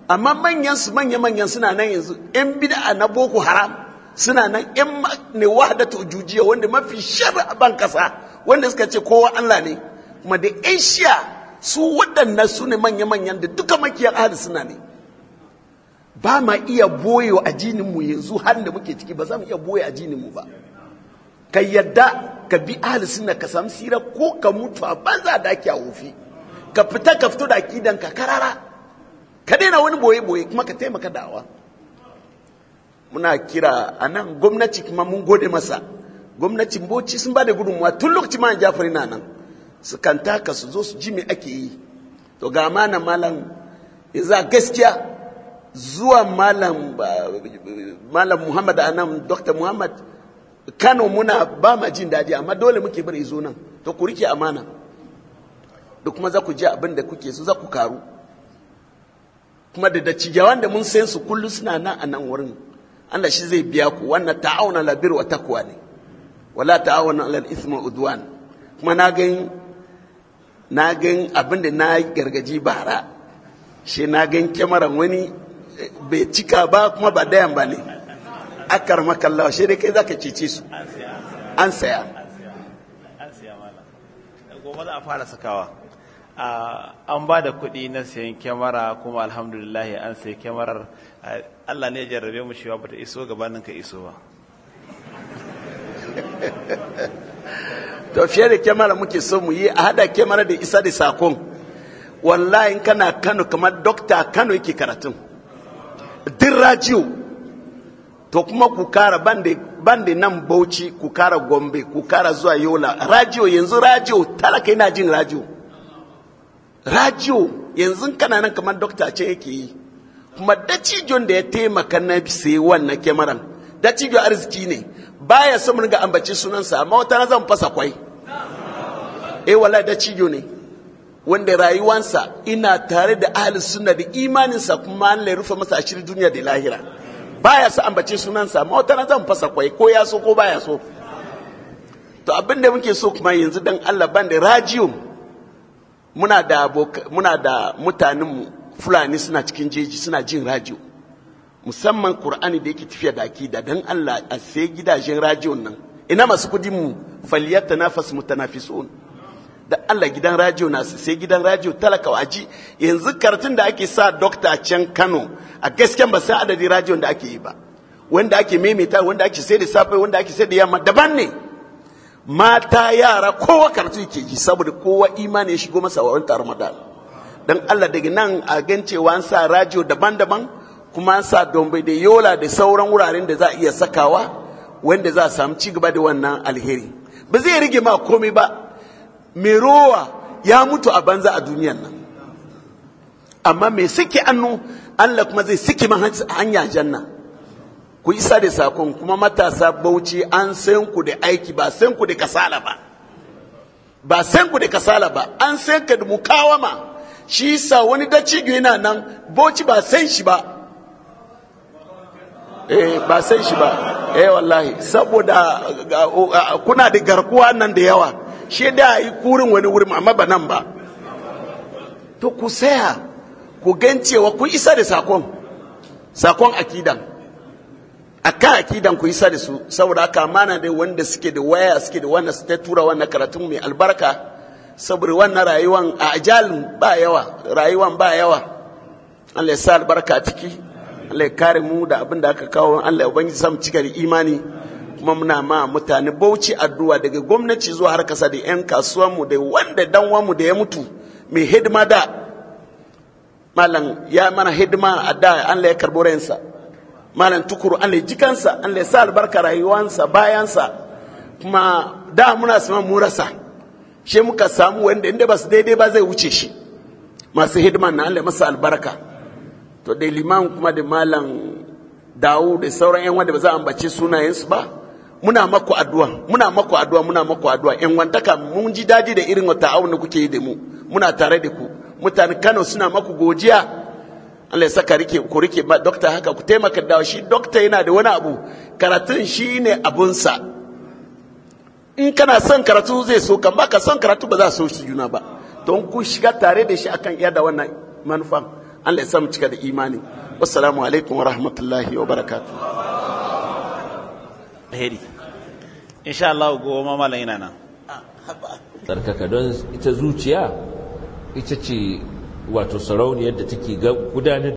amma manyan su manya manyan suna nan yanzu in bid'a na boko haram suna nan in ne wahdatu jujiya wanda mafi shar a ban kasa wanda suka ce kowa Allah ne kuma da Asia su waɗannan su ne manya manyan da duka makiyan ahli suna ne ba ma iya boye wa ajinin mu yanzu har da muke ciki ba za mu iya boye ajinin mu ba ka yadda ka bi ahli sunna ka samu sira ko ka mutu a banza da ake a wofi ka fita ka fito da akidan ka karara ka daina wani boye boye kuma ka taimaka dawa muna kira a nan gwamnati kuma mun gode masa gwamnatin boci sun ba da gudunmuwa tun lokacin ma jafari na nan su kan taka su zo su ji me ake yi to ga mana malam za gaskiya zuwa malam malam muhammad anan dr muhammad kano muna ba ma jin dadi amma dole muke bari zo nan to ku rike amana da kuma za ku ji abin da kuke so za ku karu kuma da dattijawan da mun san su kullu suna nan a nan wurin Allah shi zai biya ku wannan ta'awuna labir wa takwa ne wala ta'awuna alal ismi udwan kuma na gan na gan abin da na gargaji bara shi na gan kyamaran wani eh, bai cika ba kuma ba dayan ba ne akar makallawa shi dai kai za ka cece su an saya an saya mana gobe za a fara sakawa an ba da kuɗi na sayan kyamara kuma alhamdulillah an sayi kyamarar allah ne ya jarrabe mu shiwa bata iso gabanin ka iso ba to fiye da kyamara muke so mu yi a hada kyamara da isa da sakon wallahi kana kano kamar dokta kano yake karatun din rajiyo to kuma ku kara bande nan bauchi ku kara gombe ku kara zuwa yola radio yanzu radio talaka yana jin radio radio yanzu kana nan kamar dokta ce yake yi kuma dacijon da ya taimaka na sai wannan kyamaran dacijon arziki ne baya so mun ga ambaci sunansa amma wata na zan fasa kwai eh wala dacijo ne wanda rayuwansa ina tare da ahli sunna da imaninsa kuma an rufe masa ashirin duniya da lahira baya sa ambace sunansa ma wata zan fasa kwai ko ya so ko baya so to abin da muke so kuma yanzu dan Allah ban da radium muna da muna da mutanen fulani suna cikin jeji suna jin radio musamman qur'ani da yake tafiya da akida dan Allah a sai gidajen radio nan ina masu kudin mu falyatanafas mutanafisun da Allah gidan radio na sai gidan radio talaka waji yanzu karatun da ake sa dokta can Kano a gasken ba sai adadi radio da ake yi ba wanda ake maimaita wanda ake sai da safe wanda ake sai da yamma daban ne mata yara kowa karatu yake ji saboda kowa imani ya shigo masa wa Ramadan dan Allah daga nan a gan cewa an sa radio daban-daban kuma an sa dombe da yola da sauran wuraren da za a iya sakawa wanda za a samu ci gaba da wannan alheri ba zai rige ma komai ba mai rowa ya mutu a banza a duniyan nan amma mai siki annu Allah kuma zai siki hanya janna ku isa da sakon kuma matasa bauchi an san ku da aiki ba san ku da kasala ba ba san ku da kasala ba an san ka da mukawama shi sa wani dacigo yana nan bauchi ba san shi ba eh ba san shi ba eh wallahi saboda uh, uh, uh, kuna da garkuwa nan da yawa shi da yi kurin wani wurin amma ba nan ba to ku saya ku gancewa ku isa da sakon sakon akidan a kan akidan ku isa da su saboda aka mana da wanda suke da waya suke da wannan su ta tura wannan karatun mai albarka saboda wannan rayuwan a ajalin ba yawa rayuwan ba yawa Allah ya sa albarka ciki Allah ya kare mu da abin da aka kawo Allah ya ubangiji samun cikar imani kuma muna ma mutane bauchi addu'a daga gwamnati zuwa har kasa da 'yan kasuwanmu da wanda danwanmu da ya mutu mai hidima da malam ya mana hidima a da an ya karbo rayansa malam tukuru an ya jikansa an ya sa albarka rayuwansa bayansa kuma da muna sama mu rasa shi muka samu wanda inda ba su daidai ba zai wuce shi masu hidima na an ya masa albarka to da liman kuma da malam dawo da sauran yan wanda ba za a ambace sunayensu ba muna maku addu'a muna maku addu'a muna maku addu'a in wantaka mun ji dadi da irin wata auna kuke yi da mu muna tare da ku mutane Kano suna maku godiya Allah ya saka rike ku rike ba doctor haka ku taimaka da shi doctor yana da wani abu karatun shi shine abunsa in kana son karatu zai so kan baka son karatu ba za so su juna ba don ku shiga tare da shi akan iya da wannan manufan Allah ya sa mu cika da imani wassalamu alaikum wa wabarakatuh alheri insha Allah goma malam yana nan tsarkaka don ita zuciya ita ce wato sarauniyar da take gudanar